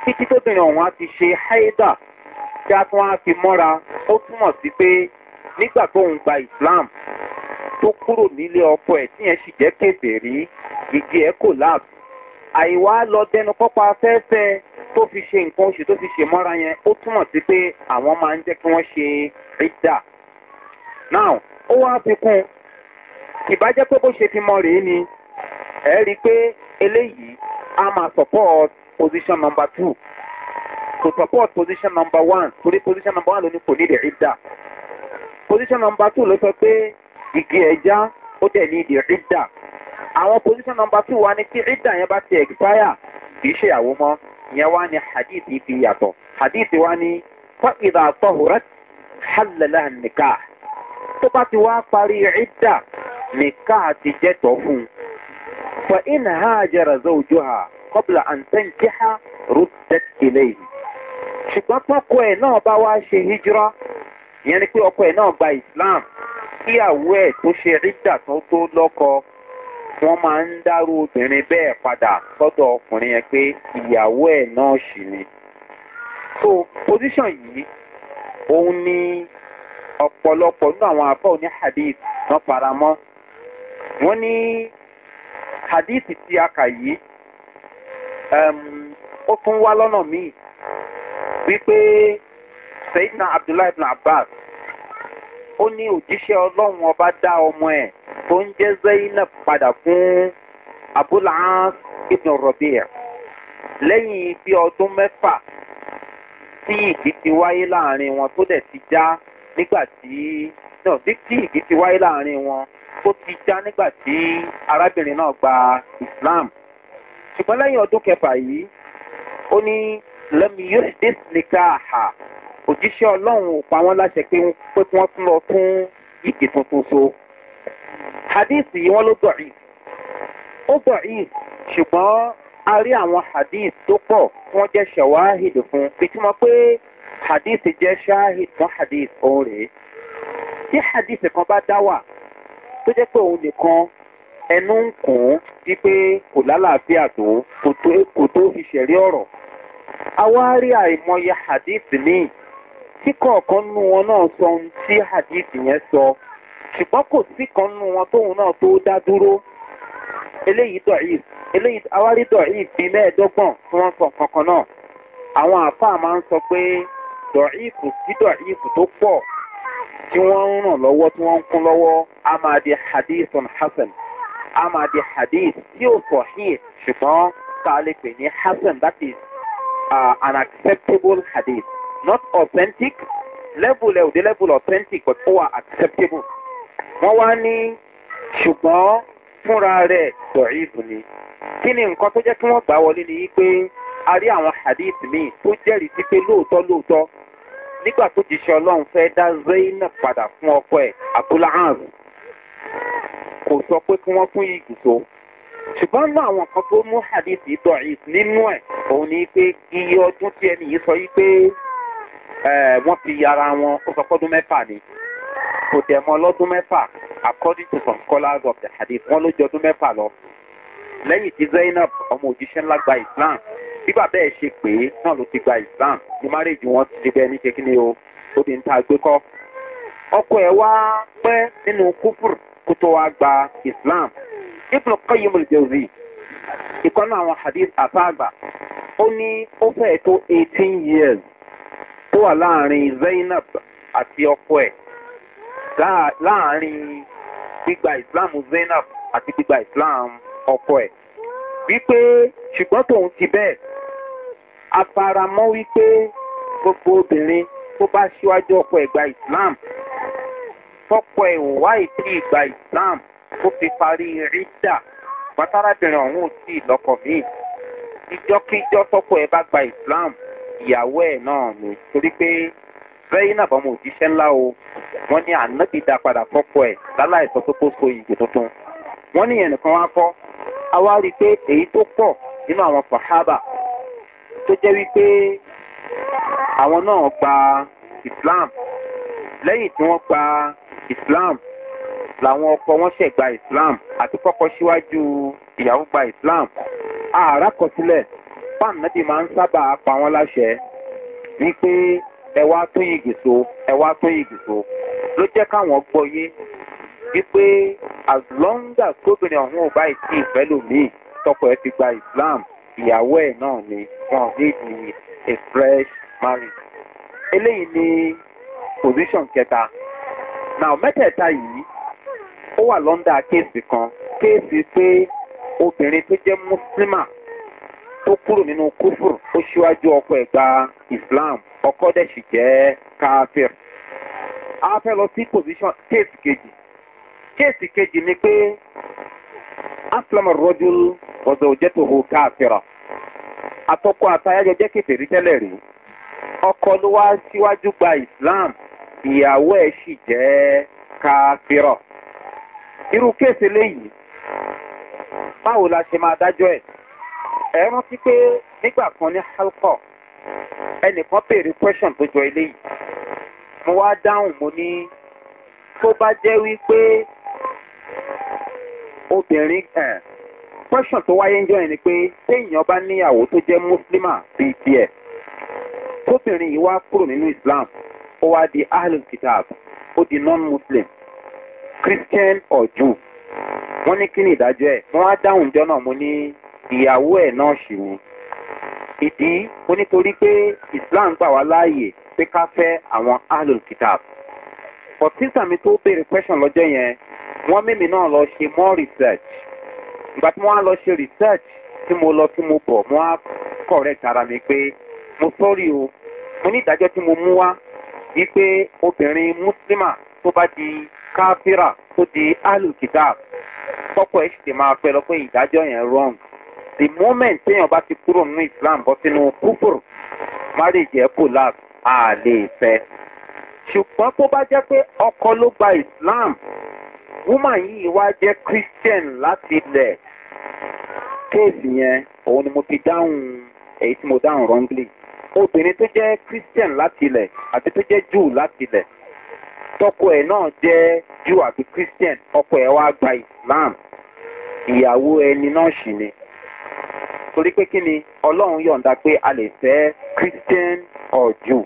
títí tóbìnrin ọ̀hún á ti ṣe haida tí a tún á fi mọ́ra ó túmọ̀ sí pé nígbà tó ń gba islam tó kúrò nílé ọkọ ẹ̀ tíyẹn sì jẹ́ kébèrè ìdí ẹ̀ kò láàbù àìwá lọ dẹnu kọ́pa afẹ́fẹ́ tó fi ṣe nǹkan oṣù tó fi ṣe mọ́ra yẹn ó túmọ̀ sí pé àwọn máa ń jẹ́ kí wọ́n ṣe rídà. now ó wá fi kún un ìbájẹ́ pé bó ṣe ti mọ rèé ni ẹ rí i pé eléyìí a máa support position number two to support position number one torí position number one ló ní kò ní ìdẹ̀rí position number two ló sọ pé igi ẹja ó dẹ̀ ní ìdẹ̀rí àwọn position number two wa ni tí ìdà yẹn bá ti expire kì í ṣèyàwó mọ́ yẹn wá ní hadithi fi yàtọ̀ hadithi wa ni fa ìdà àtọ̀hùrẹ́ hàlẹ́lẹ́ nìkan tó bá ti wá parí ìdà. nìkan ti jẹ́ tọ́ fún un. fa ina ha jẹrà zọ́ọ̀jọ́ ha kọ́bìlà àǹtẹ̀ ń kí ha rúdẹ̀t ilé yìí. ṣùgbọ́n tọ́kọ ẹ̀ náà bá wá ṣe hijira ìyẹn ni pé ọkọ ẹ̀ náà gba islam kíyàwó ẹ̀ tó ṣe rídà tó tó lọ́kọ wọ́n máa ń dárú obìnrin bẹ́ẹ̀ padà sọ́dọ̀ ọkùnrin yẹn pé ìyàwó ẹ̀ náà ṣì ni. so position yìí òun ni ọ̀pọ̀lọpọ̀ nínú àwọn àbọ̀ oní hadith náà faramọ́ wọ́n ní hadithi tí a kà yìí um, ó tún wá lọ́nà míì wípé sayidina abdullahi ibn abbas ó ní òjíṣẹ́ ọlọ́run ọba dá ọmọ ẹ̀ tó ń jẹ́ zainab padà fún abulhans ibn rabi'a lẹ́yìn bí ọdún mẹ́fà tí ìdí ti wáyé láàrin wọn tó dẹ̀ ti já nígbà tí náà tí ìdí ti wáyé láàrin wọn ó ti já nígbà tí arábìnrin náà gba islam ṣùgbọ́n lẹ́yìn ọdún kẹfà yìí ó ní lẹ́mi yóò dé nìka àhà òjíṣẹ́ ọlọ́run ò pa wọ́n láṣẹ pé pé wọ́n tún lọ tún ìgbè tuntun so hadith yìí wọ́n ló dọ̀rí ó dọ̀rí ṣùgbọ́n a rí àwọn hadith tó pọ̀ tí wọ́n jẹ́ ṣẹ̀wáhìd fún ìtumọ̀ pé hadith jẹ́ ṣáhìd fún hadith òun rèé tí hadith kan bá dá wà tó jẹ́ pé òun nìkan ẹnu ń kùn ún wípé kò lálàáfíà tó kò tó fi ṣẹ̀rí ọ̀rọ̀. àwárí àìmọye hadith míì tí kọ̀ọ̀kan nínú wọn náà sọ ohun tí hadith yẹn sọ ṣùgbọ́n kò sí kan nínú wọn tóun náà tó dá dúró eléyìí dọ̀ìf eléyìí awárí dọ̀ìf bíi mẹ́ẹ̀ẹ́dọ́gbọ̀n tí wọ́n sọ kankan náà àwọn àáfàá máa ń sọ pé dọ̀ìf sí dọ̀ìf tó pọ̀ tí wọ́n ń ràn lọ́wọ́ tí wọ́n ń kún lọ́wọ́ a máa di hadith on hasan a máa di hadith tí ò sọ hìn ṣùgbọ́n tá lè pè ní hasan that is uh, an acceptable hadith not authentic level ẹ̀ ò dé level authentic but ó wà acceptable wọ́n wá ní ṣùgbọ́n fúnra rẹ̀ dọ̀ìfù ni kí ni nǹkan tó jẹ́ kí wọ́n gbà wọlé ni wípé a rí àwọn hadith míì tó jẹ́rìí sí pé lóòótọ́ lóòótọ́ nígbà tó ti ṣe ọlọ́run fẹ́ dá zainab padà fún ọkọ ẹ̀ abdulham kò sọ pé kí wọ́n fún yìí gùsọ ṣùgbọ́n náà àwọn kan tó mú hadith dọ̀yìn nínú ẹ̀ òun ni pé iye ọdún tí ẹni yìí sọ yìí pé wọ́n fi yára wọn ó sọ pọ́dún mẹ́fà ni kò tẹ̀ mọ́ lọ́dún mẹ́fà according to some scholars of the hadith wọ́n ló jọ ọdún mẹ́fà lọ lẹ́yìn tí zainab ọmọ òjíṣẹ́ ńlá gba islam bí bàbá ẹ̀ ṣe pé náà ló ti gba islam ní márèèjì wọn ti ṣe bẹ́ẹ̀ ní ṣe kí ni o ó di ń ta gbé kọ́. ọkọ ẹ̀ wá pẹ́ nínú kúfùr kó tó wá gba islam ibùdó kọ́yìn mọ̀lẹ́dẹ́wì ìkọ́nà àwọn hadith àfáàgbà ó ní ó fẹ́ẹ̀ tó eighteen years tó wà láàrin zainab àti ọkọ ẹ̀ láàrin gbígba islam zainab àti gbígba islam ọkọ ẹ̀ wípé ṣùgbọ́n tòun ti bẹ́ẹ̀ afaramọ́ wípé gbogbo obìnrin tó bá ṣíwájú ọkọ ẹ̀gbà islam tọkọ ẹ̀wá ìdí ìgbà islam tó fi parí rídà pátárábìnrin ọ̀hún sí ìlọ́kọ̀ míì ìjọkíjọ́ tọkọ ẹ̀ bá gba islam ìyàwó ẹ̀ náà nù torí pé zainab ọmọ òjíṣẹ́ ńlá o wọ́n ní ànágbèdà padà tọkọ ẹ̀ láláì sọ pé kó so ìgò tuntun wọ́n ní ìyẹn nìkan wá kọ́ a wá rí i pé èyí tó pọ̀ nínú àwọn sàhábà tó jẹ́ wípé àwọn náà gba islam lẹ́yìn tí wọ́n gba islam làwọn ọkọ wọn ṣẹ̀ gba islam àti kọ́kọ́ síwájú ìyàwó gba islam ààrá kọsílẹ̀ pan nàbì máa ń sábà pa wọ́n láṣẹ wípé ẹ wá tún yìgì so ẹ wá tún yìgì so ló jẹ́ káwọn gbọ́ yé wípé as long as gómìnà ọ̀hún ò bá ìtì ìfẹ́ lòmíì tọkọ ẹ ti gba islam ìyàwó ẹ̀ náà ni wọn nídìí a fresh marriage. eléyìí ni position kẹta now mẹ́tẹ̀ẹ̀ta yìí ó wà lọ́ndà kéèsì kan kéèsì pé obìnrin tó jẹ́ mùsùlùmá tó kúrò nínú kúfùrù ó ṣíwájú ọkọ ẹ̀ gba islam ọkọ dẹ̀ sì jẹ́ káfíìr. a fẹ́ lọ sí position kéèsì kejì kéèsì kejì ni pé aslam rọ́dúlù ọ̀zọ̀ òjẹ́tò hù káàfìrà atọ́kọ àtayájọ jẹ́ kékeré tẹ́lẹ̀ rí ọkọ ló wá síwájú gba islam ìyàwó ẹ̀ sì jẹ́ káàfìrà irú kéèsì léyìí báwo la ṣe máa dájọ́ ẹ̀ ẹ rántí pé nígbà kan ní halkọ ẹnìkan béèrè question tó jọ eléyìí mo wá dáhùn mo ní tó bá jẹ́ wípé obìnrin kan. Eh, question tó wáyé ń jọ yẹn ni pé téèyàn bá níyàwó tó jẹ́ mùsùlùmá bíi tiẹ̀ tóbìnrin yìí wá kúrò nínú islam ó wá di ahlul kitab ó di non-muslim christian or jew wọ́n ní kí ni ìdájọ́ ẹ̀ wọ́n á dáhùn jọ náà mo ní ìyàwó ẹ̀ náà ṣì ni ìdí ó nítorí pé islam gbà wá láàyè pé ká fẹ́ àwọn ahlul kitab but sísàmì tó béèrè question lọ́jọ́ yẹn wọ́n mímì náà lọ ṣe more research ìgbà tí wọ́n á lọ ṣe research tí mo lọ tí mo bọ̀ mo á correct ara mi pé mo sọ́rí o mo ní ìdájọ́ tí mo mú wá wípé obìnrin mùsùlùmá tó bá di káfíra tó di alùkìtàb tọ́pọ̀ ẹ̀ sì máa fẹ́ lọ pé ìdájọ́ yẹn wrong the moment téèyàn bá ti kúrò nínú islam bọ́ sínú kúfùrù marriage ẹ̀ kò láàbù a lè fẹ́ ṣùgbọ́n tó bá jẹ́ pé ọkọ ló gba islam woman yìí wá jẹ́ christian láti ilẹ̀ kéèsì yẹn òun ni mo fi dáhùn èyí tí mo dáhùn wrongly obìnrin tó jẹ́ christian láti ilẹ̀ àti tó jẹ́ jew láti ilẹ̀ tọkọ ẹ̀ náà jẹ́ jew àti christian ọkọ ẹ̀ wá gba islam ìyàwó ẹni náà sì ni torí pé kí ni ọlọ́run yọ̀ǹda pé a lè fẹ́ christian or jew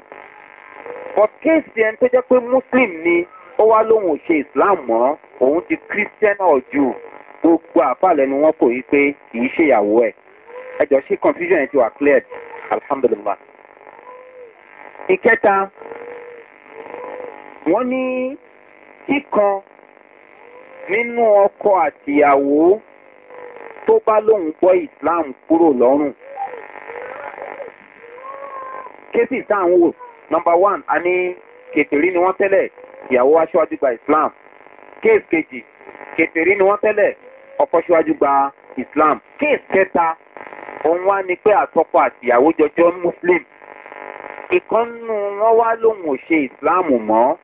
but kéèsì ẹni tó jẹ́ pé muslim ni ó wá lóun ò ṣe islam mọ́ òun ti christian ọ̀jù gbogbo àfàlẹ́ ni wọ́n kò yí pé kì í ṣèyàwó ẹ̀ ẹjọ́ ṣe confusion yẹn ti wà cleared alhamdulilah. ìkẹta wọ́n ní kíkan nínú ọkọ àtìyàwó tó bá lóun gbọ́ islam kúrò lọ́rùn kéfì táwọn wò Number one a ní kẹtẹrí ni wọ́n tẹ́lẹ̀ ìyàwó wa ṣíwájú gba islam kéèsì kejì kẹfẹ́rí ni wọ́n tẹ́lẹ̀ ọkọ ṣíwájú gba islam kéèsì kẹta òun wá ni pé àtọkọ àtìyàwó jọjọ muslim ìkànnù wọn wá lòun ò ṣe islam mọ́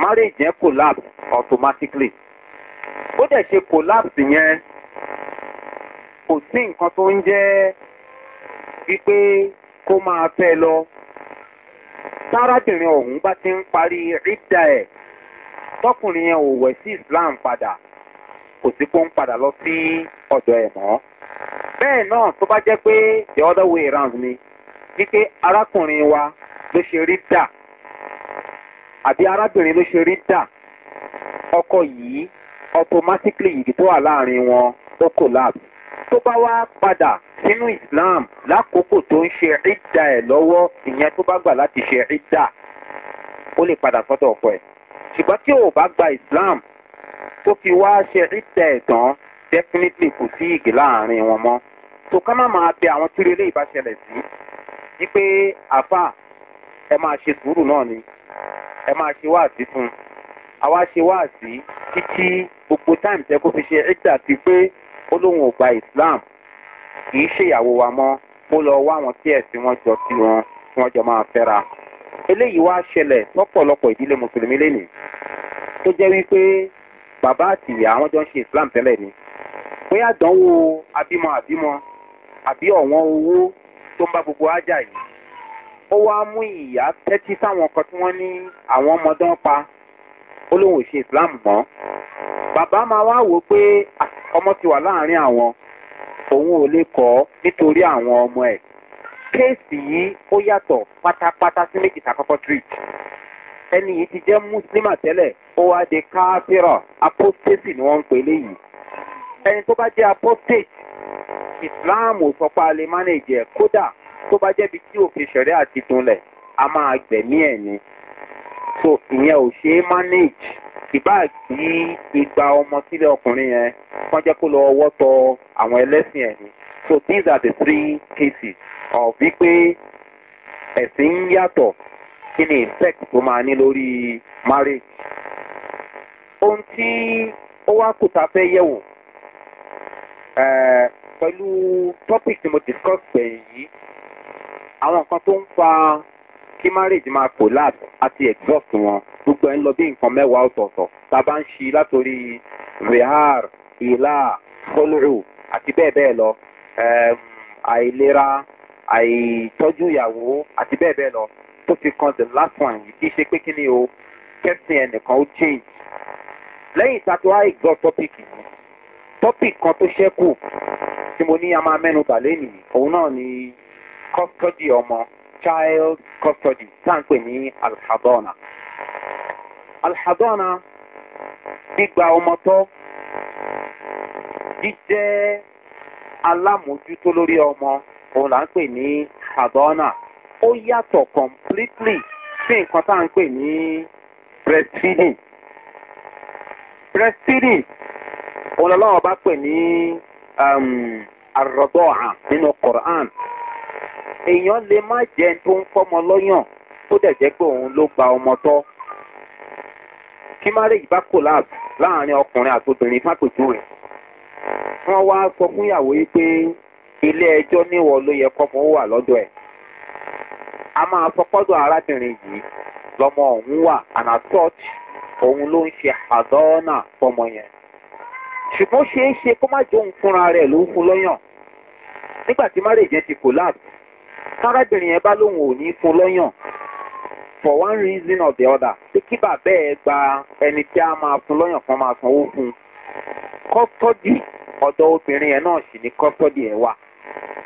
marriage yẹn collapse automatically ó dẹ̀ ṣe collapse yẹn kò sí nǹkan tó ń jẹ́ wípé kó máa fẹ́ lọ tárábìnrin ọ̀hún bá ti ń parí rídà ẹ̀ tọkùnrin yẹn ò wẹ̀ sí islam padà kò sí kó ń padà lọ sí ọ̀dọ̀ ẹ̀ mọ́. bẹ́ẹ̀ náà tó bá jẹ́ pé the other way round ni wípé arákùnrin wa ló ṣe rí dà àbí arábìnrin ló ṣe rí dà ọkọ yìí automatically yìí tó wà láàrin wọn ó kò láàbù tó bá wá padà sínú islam lákòókò tó ń ṣe ìdá ẹ̀ lọ́wọ́ ìyẹn tó bá gbà láti ṣe ìdá ó lè padà sọ́dọ̀ ọkọ ẹ̀ ṣùgbọ́n tí ò bá gba islam tó fi wá ṣe ìdá ẹ̀ tán definitely kò sí ìgè láàrin wọn mọ́ tó ká má máa bẹ àwọn tí relé ìbáṣẹlẹ̀ sí wípé àfà ẹ máa ṣe sùúrù náà ni ẹ máa ṣe wáàsí fún un àwa ṣe wáàsí títí gbogbo táìmù tẹ kó fi ṣe ìdá ti pé ó lóun ò gba islam kì í ṣèyàwó wa mọ́ mo lọ wá àwọn tí ẹ̀sìn wọn jọ sí wọn tí wọ́n jọ máa fẹ́ra eléyìí wá ṣẹlẹ̀ lọ́pọ̀lọpọ̀ ìdílé mùsùlùmí lénìí tó jẹ́ wípé bàbá àti ìyá àwọn jọ ń ṣe islam tẹ́lẹ̀ ni pé àdánwò abímọ àbímọ àbí ọ̀wọ́n owó tó ń bá gbogbo ájà yìí ó wá mú ìyá tẹ́tí sáwọn kan tí wọ́n ní àwọn ọmọdán pa ó lóun ò ṣe islam mọ́ bàbá máa wá wò pé ọmọ ti wà láàrin àwọn òun ò lè kọ́ nítorí àwọn ọmọ ẹ̀ kéèsì yìí ó yàtọ̀ pátápátá sí méjì tàkọ́kọ́ street ẹni yìí ti jẹ́ mùsùlùmá tẹ́lẹ̀ ó wá di káfíra apostate ni wọ́n ń pè léyìí ẹni tó bá jẹ́ apostate islam ò sọ pé a lè manage kódà tó bá jẹ́bi tí òfin ṣẹ̀rẹ́ àti dunlẹ̀ a máa gbẹ̀mí ẹ̀ ni so ìyẹn ò ṣe é manage ìbáà sí igba ọmọ sílẹ̀ ọkùnrin yẹn wọ́n jẹ́ kó lọ ọwọ́ tọ àwọn ẹlẹ́sìn ẹ̀ ni so these are the three cases of wípé ẹ̀sìn ń yàtọ̀ kí ni effect tó máa ní lórí marriage ohun tí ó wá kò tá a fẹ́ yẹ̀wò eh, pẹ̀lú topic tí mo discuss pẹ̀lú yìí àwọn nǹkan tó ń fa kí marriage máa collapse àti exhaust wọn gbogbo ẹ̀ ń lọ bí nǹkan mẹ́wàá ọ̀tọ̀ọ̀tọ̀ tá a bá ń ṣi látòrí rihar ìlà fọlùrù àti bẹ́ẹ̀ bẹ́ẹ̀ lọ àìlera àìtọ́jú ìyàwó àti bẹ́ẹ̀ bẹ́ẹ̀ lọ tó fi kan the last one yìí kì í ṣe pé kí ni o kẹ́sìn ẹnìkan ó change lẹ́yìn ìtàtọ́ á exhaust topic yìí topic kan tó ṣẹ́kù tí mo ní a máa mẹ́nu bà lẹ́nìí òun náà ni custody ọmọ child custody tá à ń pè ní alhadona alhadona gbígba ọmọ tọ́ jíjẹ́ alámòjútó lórí ọmọ òun là ń pè ní hadona ó yàtọ̀ completely sí nǹkan tá à ń pè ní breastfeeding breastfeeding òun lọ́wọ́ bá pè ní àrọ̀dọ̀ um, hàn nínú quran. èèyàn lè má jẹ́ tó ń fọmọ lọ́yàn tó dẹ̀ jẹ́ pé òun ló gba ọmọ tọ́ kí márèjì bá collapse láàrin ọkùnrin àti obìnrin fàpèjúwe wọ́n wá sọ fún ìyàwó yìí pé ilé ẹjọ́ níwọ̀ ló yẹ kọ́mọ wà lọ́dọ̀ ẹ̀ a máa sọ fọ́dọ̀ arábìnrin yìí lọmọ ọ̀hún wà àná tọ́ọ̀tì òun ló ń ṣe àdọ́ọ̀nà fọmọ yẹn ṣùgbọ́n ṣeé ṣe kó má jóun fúnra rẹ̀ ló ń fún lọ́yàn nígbà tí márèjì ti collapse tárábìnrin yẹn bá lóun ò ní fún lọ́yàn for one reason or the other pé kí bàbá ẹ gba ẹni tí a máa fún lọ́yàn kan máa sanwó fún un kọ́tọ́dì ọ̀dọ̀ obìnrin yẹn náà sì ní kọ́tọ́dì ẹ̀ wà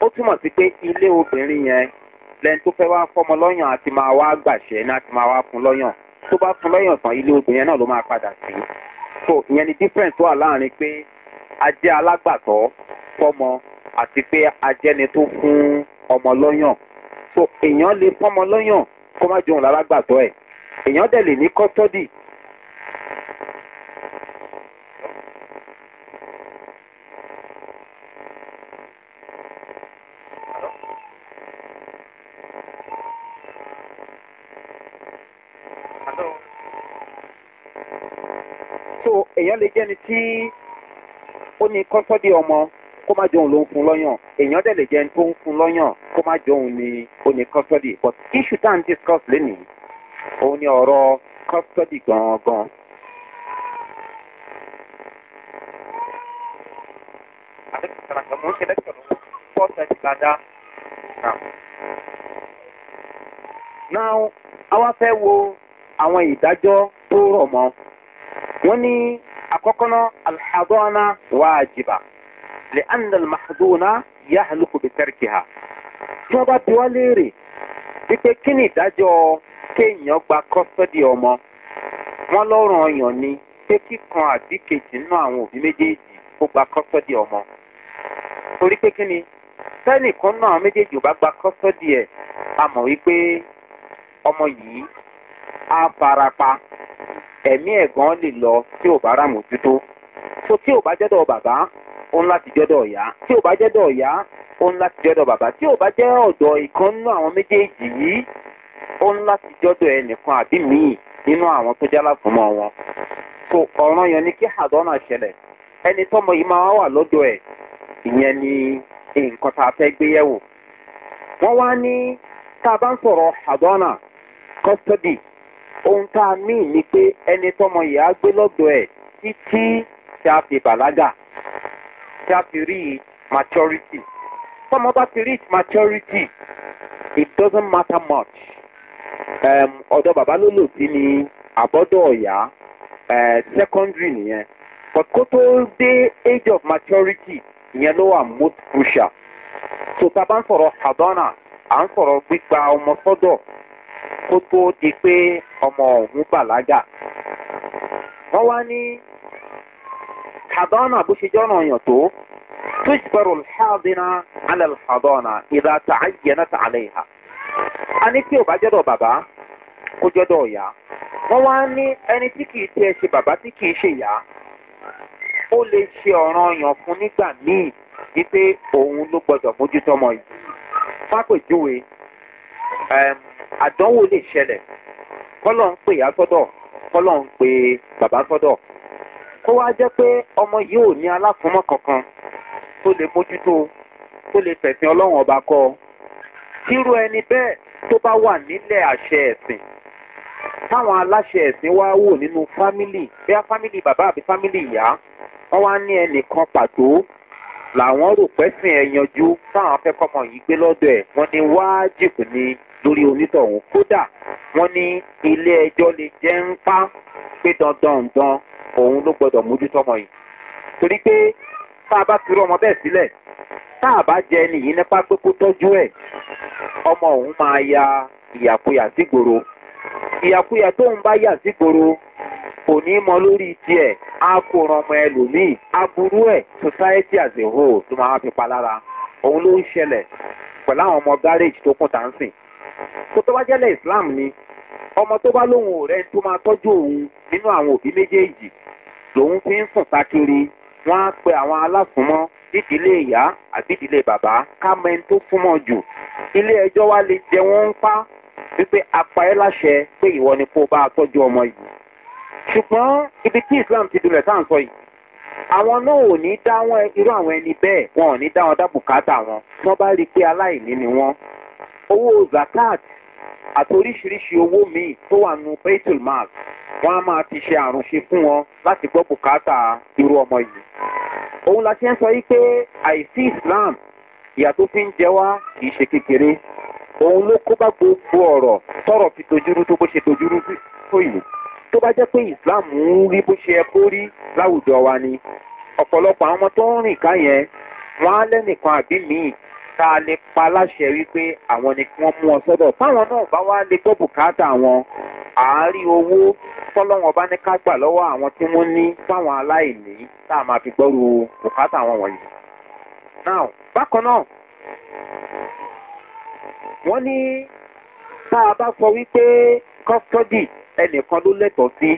ó túmọ̀ sí pé ilé obìnrin yẹn lẹ́ni tó fẹ́ wá fọmọ lọ́yàn àti máa wá gbàṣẹ́ ní àti máa wá fún lọ́yàn tó bá fún lọ́yàn tán ilé obìnrin yẹn náà ló máa padà sí so ìyẹn ni difference wà láàrin pé ajẹ́ alágbàtọ́ fọmọ àti pé ajẹ́ni tó fún ọmọ lọ́yàn so èèyàn lè pọ́nmọ lọ́yàn kó má jòun lára gbàtọ́ ẹ̀ èèyàn dẹ̀ lè ní kọ́sọ́dì. so èèyàn lè jẹ́ni tí ó ní kọ́sọ́dì ọmọ kó má jòun ló ń fún lọ́yàn èèyàn dẹ̀ lè jẹ́ni tó ń fún lọ́yàn kó má jọ òun ni ó ní custody but issue tá à ń discuss lénìí òun ni ọ̀rọ̀ custody gan-an. now àwa fẹ́ wo àwọn ìdájọ́ tó rọ̀ mọ́ wọ́n ní àkọ́kọ́ náà alḥadọ́nà wàá jìbà lè andal maḥdúnà yàhálùkù bìtẹ́rìkì ha. tí wọ́n bá bí wọ́n léèrè wípé kí ni kéèyàn gba kọsọdì ọmọ wọn lọrùn ọyàn ni pé kíkan àbí kejì nínú àwọn òbí méjèèjì gba kọsọdì ọmọ torí pé kí ni sẹ́nìkan náà méjèèjì ò bá gba kọ́sọ́dì ẹ̀ a mọ̀ wípé ọmọ yìí á farapa ẹ̀mí ẹ̀gán lè lọ tí ò so tí ò bá jẹ́dọ̀ bàbá láti jẹ́dọ̀ ọ̀yá tí ó ń láti jọ́dọ̀ bàbá tí ò bá jẹ́ ọ̀dọ̀ ìkan nínú àwọn méjèèjì yìí ó ń láti jọ́dọ̀ ẹnìkan àbí míì nínú àwọn tó jálá wọn. so ọ̀ràn yẹn ni kí àdánà ṣẹlẹ̀ ẹni tọ́mọ yìí máa wà lọ́dọ̀ ẹ̀ ìyẹn ni nǹkan tá a fẹ́ gbé yẹ̀wò. wọ́n wá ní tá a bá ń sọ̀rọ̀ àdánà custody ohun tá a míì ni pé ẹni tọ́mọ yìí á gbé lọ́dọ̀ ẹ̀ títí tí a fi bàlágà tí a fi rí maturity. tọ́mọ bá ti reach maturity it doesn't matter much um, ọ̀dọ̀ bàbá ló lò sí ni àbọ̀dọ̀ ọ̀yá eh, secondary nìyẹn but koto tó age of maturity ìyẹn ló wà most crucial so tá ń hadana à ń ọmọ tó di pé ọmọ ọ̀hún hadana تجبر الحاضنة على الحضانة إذا تعينت عليها أني تيو بجدو بابا كجدو يا مواني أني تيكي تيشي بابا تيكي شيا ó lè ṣe ọ̀ràn yàn fún nígbà míì wípé òun ló gbọdọ̀ mójútó ọmọ yìí. fápèjúwe àdánwò lè ṣẹlẹ̀ kọ́lọ̀ ń pè àsọ́dọ̀ kọ́lọ̀ ń pè bàbá sọ́dọ̀ kó wá jẹ́ pé ọmọ yìí ò ní aláfọmọ́ kankan tó lè mójútó tó lè tẹ̀sìn ọlọ́run ọba kọ́ ọ. tírú ẹni bẹ́ẹ̀ tó bá wà nílẹ̀ àṣẹ ẹ̀sìn táwọn aláṣẹ ẹ̀sìn wá wò nínú fámìlì bẹ́ẹ̀ fámìlì bàbá àbí fámìlì ìyá wọ́n wá ní ẹnìkan pàtó làwọn rò pẹ́sìn ẹ̀ yanjú táwọn afẹ́kọ́mọ yìí gbé lọ́dọ̀ ẹ̀ wọ́n ní wájìbù ni lórí onítọ̀hún kódà wọ́n ní ilé ẹjọ́ lè jẹ́ ń pa pé dandan dandan òun ló gbọ́dọ̀ mójútọ́mọ yìí torí pé tá a bá fi ọmọ bẹ́ẹ̀ sílẹ̀ tá a bá jẹ ẹni nípa pé kó tọ́jú ẹ̀ ọmọ òun máa ya ìyàkuyà sígboro ìyàkuyà ń bá yà sígboro kò ní mọ lórí tiẹ̀ A kò ràn ọmọ ẹlòmíì aburú ẹ̀ society as a whole ló máa fi palára òun ló ń ṣẹlẹ̀ pẹ̀lú àwọn ọmọ gáréèjì tó kún tá ń sìn tó bá jẹ́lẹ̀ islam ni ọmọ tó bá lóun ò rẹ́ tó máa tọ́jú òun nínú àwọn òbí méjèèjì lòun fi ń sùn sákiri wọ́n á pe àwọn aláfúnmọ́ dídìlé ìyá àti ìdílé bàbá ká tó fúnmọ́ jù ilé ẹjọ́ wa lè jẹ wọ́n ń pa wípé apá ẹ láṣẹ pé ìwọ ni kó bá a tọ́jú ọmọ yìí ṣùgbọ́n ibi tí islam ti dulẹ̀ tá à ń sọ yìí àwọn náà ò ní dá wọn irú àwọn ẹni bẹ́ẹ̀ wọn ò ní dá wọn dá wọn wọn bá rí i pé aláìní ni wọn owó zakat àti oríṣiríṣi owó míì tó wà nù baitul wọ́n á máa ti ṣe àrùnṣe fún wọn láti gbọ́ bùkátà irú ọmọ yìí. òun la ṣe ń sọ yìí pé àìsí islam ìyà tó fi ń jẹ wá kì í ṣe kékeré òun ló kó bá gbogbo ọ̀rọ̀ tọrọ fi dojúrú tó bó ṣe dojúrú tó yìí tó bá jẹ́ pé islam ń rí bó ṣe ẹ kó rí láwùjọ wa ni ọ̀pọ̀lọpọ̀ àwọn tó ń rìn ká yẹn wọ́n á lẹ́nìkan àbí míì tá a lè pa láṣẹ wípé àwọn ni kí wọ́n mú ọ sọ́dọ̀ táwọn náà bá wá lè gbọ́ bùkátà wọn àárín owó tọ́lọ́wọ́n bá ní ká gbà lọ́wọ́ àwọn tí wọ́n ní fáwọn aláìní tá a máa fi gbọ́rù bùkátà wọn wọ̀nyí. now bákan náà wọ́n ní tá a bá sọ wípé kọ́sítọ́dì ẹnìkan ló lẹ́tọ̀ọ́ sí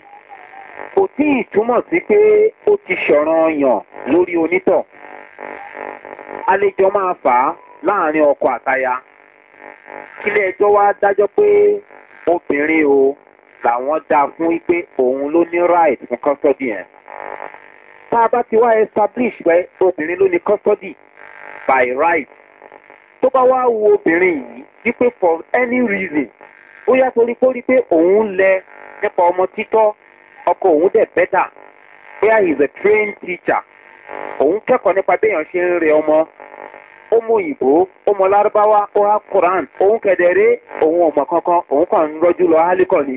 kò tí ì túmọ̀ sí pé ó ti ṣọ̀ràn yàn lórí onítọ̀ àlejò máa fà á láàrin ọkọ àtaya kílé ẹjọ́ wá dájọ́ pé obìnrin o làwọn dá fún wípé òun ló ní right fún custody yẹn tá a bá ti wá establish pé obìnrin ló ní custody by right tó bá wá wo obìnrin yìí wípé for any reason ó yá torí pé ó rí pé òun lẹ nípa ọmọ títọ́ ọkọ òun dẹ̀ bẹ́tà bóyá he is a trained teacher òun kẹ́kọ̀ọ́ nípa béèyàn ṣe ń rẹ ọmọ ọmọ òyìnbó ọmọ lárúbáwá ó há quran òun kẹ̀dẹ̀rẹ́ òun ọmọ kankan òun kàn ń rọ́jú lọ hálíkọ̀ ni.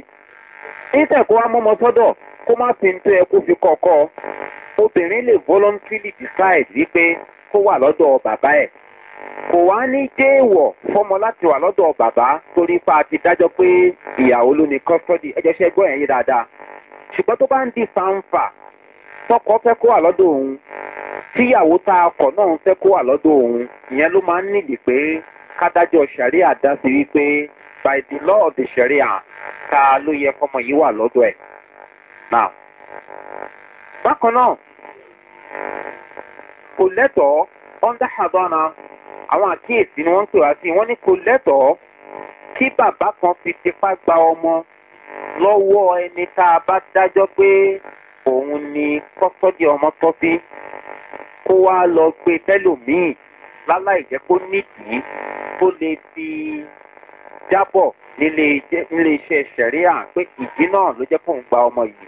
ìtẹ̀kọ́ wa mọ́mọ sọ́dọ̀ kó má fi ń tó ẹ kó fi kọ̀ọ̀kọ́ obìnrin lè voluntarily decide wípé kó wà lọ́dọ̀ bàbá ẹ̀ kò wá ní déèwọ̀ fọmọ láti wà lọdọ bàbá torí pa àti dájọ́ pé ìyàwó ló ní custody ẹjọ́ ṣe gbọ́ ẹ̀yìn dáadáa ṣùgbọ́n tó bá ń di fanfa tọkọ fẹ́ kó wà lọ́dọ̀ òun tíyàwó tá a kọ̀ náà ń fẹ́ kó wà lọ́dọ̀ òun ìyẹn ló máa ń nídìí pé kádájọ́ sẹ̀ríà dá sí wípé by the law of the sẹ̀ríà ta ló yẹ kọ́mọ yìí wà lọ́dọ̀ ẹ̀. bákan náà kò lẹ́tọ̀ọ́ under havana àwọn àkíyèsí ni wọ́n ń pè wá sí wọ́n ní kò lẹ́tọ̀ọ́ kí bàbá kan fi tipa gba ọmọ lọ́wọ́ ẹni tá a bá dájọ́ pé òun ni kọ́sọ́dì ọmọ tọ́ sí. kó wá lọ gbé tẹ́lòmíì láláì jẹ́ kó nídìí tó lè fi jábọ̀ nílé iṣẹ́ sẹ̀ríà pé ìdí náà ló jẹ́ kóun gba ọmọ yìí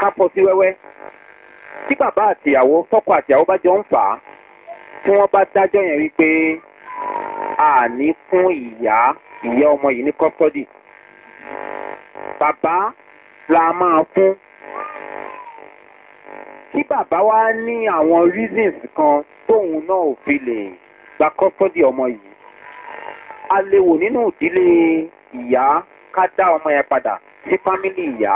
kápọ̀ sí wẹ́wẹ́ tí bàbá àtìyàwó tọkọ àtìyàwó bá jọ ń fà á tí wọ́n bá dájọ́ yẹn wípé àní fún ìyá ìyá ọmọ yìí ní kọ́sọ́dì bàbá la máa fún tí bàbá wa ní àwọn reasons kan tóun náà ò fi lè gba custody ọmọ yìí a lè wò nínú ìdílé ìyá ká dá ọmọ yẹn padà sí family ìyá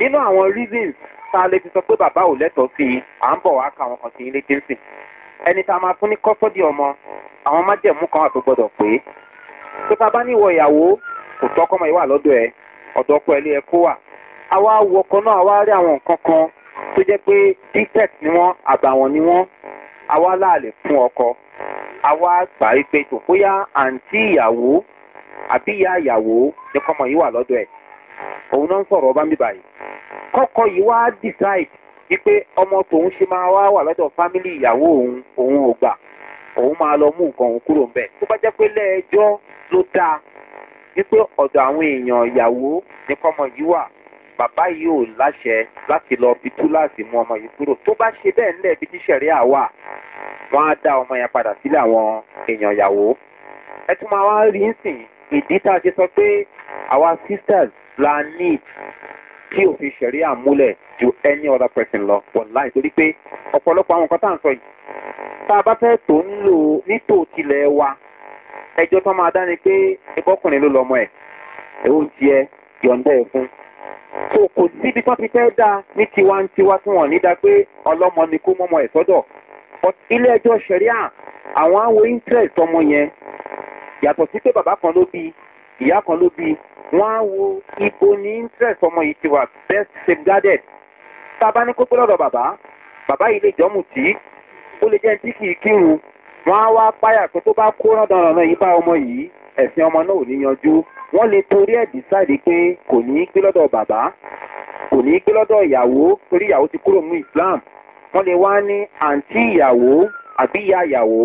nínú àwọn reasons tá a lè fi sọ pé bàbá ò lẹ́tọ̀ọ́ sí i à ń bọ̀ wá ka àwọn kan sí ilé jẹ́sìn ẹni tá a máa fún ní custody ọmọ àwọn májẹ̀mú kan àti gbọ́dọ̀ pé pé bàbá níwọ̀ ìyàwó kò tọ́kọ́mọ ìwà lọ́dọ̀ ẹ ọ̀dọ́ ọkọ ẹ lé ẹ kó wà àwa wọkọ náà àwa rí àwọn nǹkan kan tó jẹ́ pé dtec ni wọ́n àbàwọ̀n ni wọ́n àwa láàlè fún ọkọ àwa gbà wípé tò bóyá àǹtí ìyàwó àbí ìyá ìyàwó ni kọ́mọ yìí wà lọ́dọ̀ ẹ̀ òun náà ń sọ̀rọ̀ ọba mi báyìí kọ́kọ́ yìí wá decide wípé ọmọ tòun ṣe máa wá wà lọ́dọ̀ fámìlì ìyàwó òun òun ò gbà òun máa lọ mú nǹkan òun kúrò ńbẹ tó bá jẹ́ pé lẹ́ẹ̀jọ́ ló dáa wípé ọ̀dọ̀ àwọn èèyàn ìyàwó ni kọ́mọ yìí wà bàbá yìí ò láṣẹ láti lọ fi túláàsì mú ọmọ yìí kúrò tó bá ṣe bẹ́ẹ̀ ńlẹ̀ bí tíṣẹ̀rí àwà wọ́n á dá ọmọ yẹn padà sílé àwọn èèyàn ìyàwó. ẹ tún máa wá rí nsìn ìdí tá a ti sọ pé àwa sisters la need tí òfin ṣẹ̀rí àmúlẹ̀ ju any other person lọ wọ̀ láì torí pé ọ̀pọ̀lọpọ̀ àwọn nǹkan tá à ń sọ yìí tá a bá fẹ́ tó ń lò nítò tilẹ̀ wa ẹjọ́ tó máa dá ni pé ẹgbọ́kùnrin ló lọ́mọ ẹ̀ ẹ̀hún tiẹ̀ yọ̀ǹda ẹ̀ fún so kò síbi tó ti fẹ́ dá ní tiwantiwa tí wọ́n ní dá pé ọlọ́mọ ni kó mọ́mọ́ ẹ̀ sọ́dọ̀ but ilé ẹjọ́ sẹ̀ríà àwọn awo interest ọmọ yẹn yàtọ̀ sí pé bàbá kan ló bí ìyá kan ló bí wọ́n á wo ibo ní interest ọmọ yìí ti wà best safeguarded tá a bá ní kó pé lọ́dọ̀ bàbá bàbá yìí lè jọ́mù tí ó lè jẹ́ tí kìí kírun wọ́n á wá páyà pé tó bá kó rán dandan náà yìí bá ọmọ yìí ẹ̀sìn ọmọ náà ò ní yanjú wọ́n lè torí ẹ̀ dísáìdì pé kò ní í gbé lọ́dọ̀ bàbá kò ní í gbé lọ́dọ̀ ìyàwó torí ìyàwó ti kúrò mú islam wọ́n lè wá ní àǹtí ìyàwó àbí ìyá ìyàwó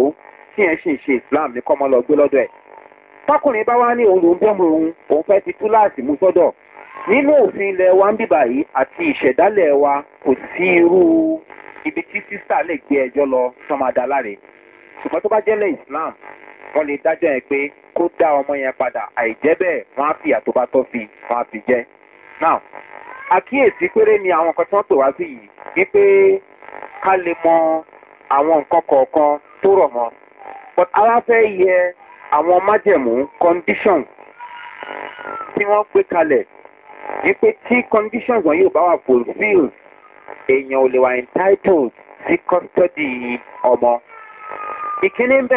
tí ẹ̀ sì ń ṣe islam ní kọ́mọ́ lọ gbé lọ́dọ̀ ẹ̀. tákùnrin bá wá ní òun lòún bọ́mọ òun òun fẹ́ ti tú láàsì mú sọ́dọ̀ nínú òfin ilẹ̀ wa ń bíbà yìí àti ìṣẹ̀dálẹ̀ wa kò sí irú ibi tí sísà lè gbé ẹjọ́ lọ sọmọdà láre ṣùgbọ́n tó bá jẹ́lẹ̀ islam wọ́n lè dájọ́ ẹ pé kó dá ọmọ yẹn padà àìjẹ́ bẹ́ẹ̀ wọ́n á fi ìyà tó fi wọ́n á fi jẹ́. now àkíyèsí péré ni àwọn kan tí wọ́n pè wá sí yìí wípé ká lè mọ àwọn nǹkan kọ̀ọ̀kan tó rọ̀ mọ́ but ara yẹ àwọn májẹ̀mú condition tí wọ́n gbé kalẹ̀ wípé tí conditions wọn yóò bá wà fulfilled èèyàn ò lè wà entitled sí custody ọmọ. ìkíní ń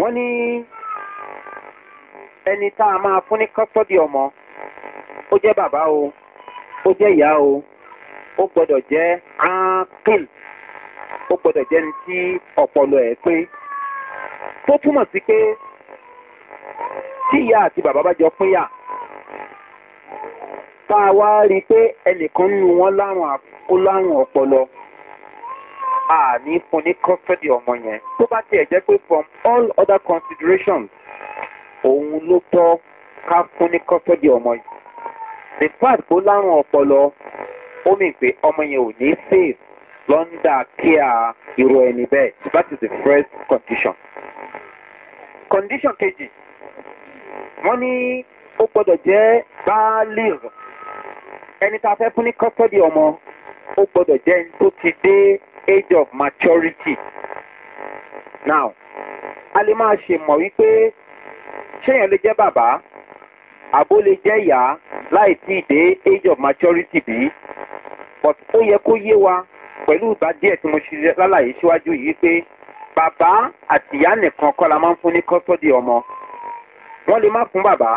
wọ́n ní ẹni tá a máa fún ní kọ́sọ́dì ọmọ ó jẹ́ bàbá o ó jẹ́ ìyá o ó gbọ́dọ̀ jẹ́ áńkìn ó gbọ́dọ̀ jẹ́ ní tí ọ̀pọ̀lọ ẹ̀ pé tó túmọ̀ sí pé tí ìyá àti bàbá bá jọ pínyà tá a wá rí i pé ẹnìkan nínú wọn láwọn ọpọlọ àní fún ní custody ọmọ yẹn tó bá tiẹ̀ jẹ́ pé from all other considerations òun ló tọ́ ká fún ní custody ọmọ yìí the fact kó lárùn ọpọlọ ó mì pé ọmọ yẹn ò ní save lọ́ndà kíá irú ẹni bẹ́ẹ̀ that is the first condition. condition kejì wọ́n ní ó gbọ́dọ̀ jẹ́ baalir ẹni tá a fẹ́ fún ní custody ọmọ ó gbọ́dọ̀ jẹ́ ẹni tó ti dé age of maturity. now a lè máa ṣe mọ̀ wípé ṣéyàn lè jẹ́ bàbá àbó lè jẹ́ ìyá láì tí ì dé age of maturity bí but ó yẹ kó yé wa pẹ̀lú ìgbà díẹ̀ tí mo ṣe lálàyé síwájú yìí pé bàbá àti ìyá nìkan kọ́ la máa ń fún ní kọ́sọ́dì ọmọ wọ́n lè má fún bàbá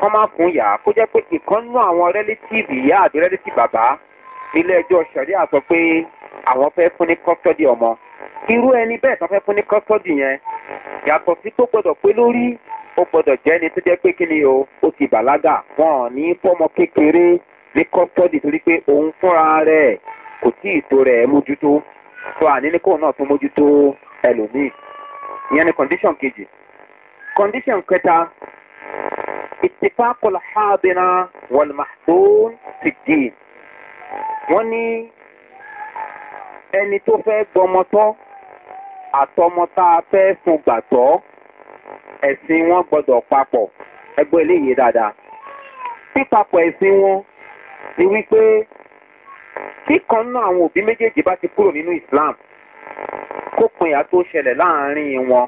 kọ́ má fún ìyá kó jẹ́ pé ìkan nú àwọn rẹ́lẹ́tìfì ìyá àti rẹ́lẹ́tìfì bàbá ilé ẹjọ́ sẹ̀ríà sọ pé àwọn fẹ́ fún ní kọ́sítọ́dì ọmọ irú ẹni bẹ́ẹ̀ tán fẹ́ fún ní kọ́sítọ́dì yẹn yàtọ̀ sí tó gbọ́dọ̀ pé lórí ó gbọ́dọ̀ jẹ́ ni tó jẹ́ pé kí ni o ó ti bàlágà wọn ò ní fọ́mọ kékeré ní kọ́sítọ́dì torí pé òun fúnra rẹ̀ kò tí ì tó rẹ̀ mójútó tó àní ní kóun náà tó mójútó ẹlòmíì ìyẹn ni condition kejì condition kẹta ìtìfákọ̀lá hábìnrin wọ̀lmáhùn ti dì wọ́n ní ẹni tó fẹ́ gbọmọtọ́ àtọmọ tá a fẹ́ fún gbàtọ́ ẹ̀sìn wọn gbọdọ̀ papọ̀ ẹgbẹ́ eléyìí dáadáa pípapọ̀ ẹ̀sìn wọn ni wípé kíkan náà àwọn òbí méjèèjì bá ti kúrò nínú islam kópin ìyá tó ṣẹlẹ̀ láàrin wọn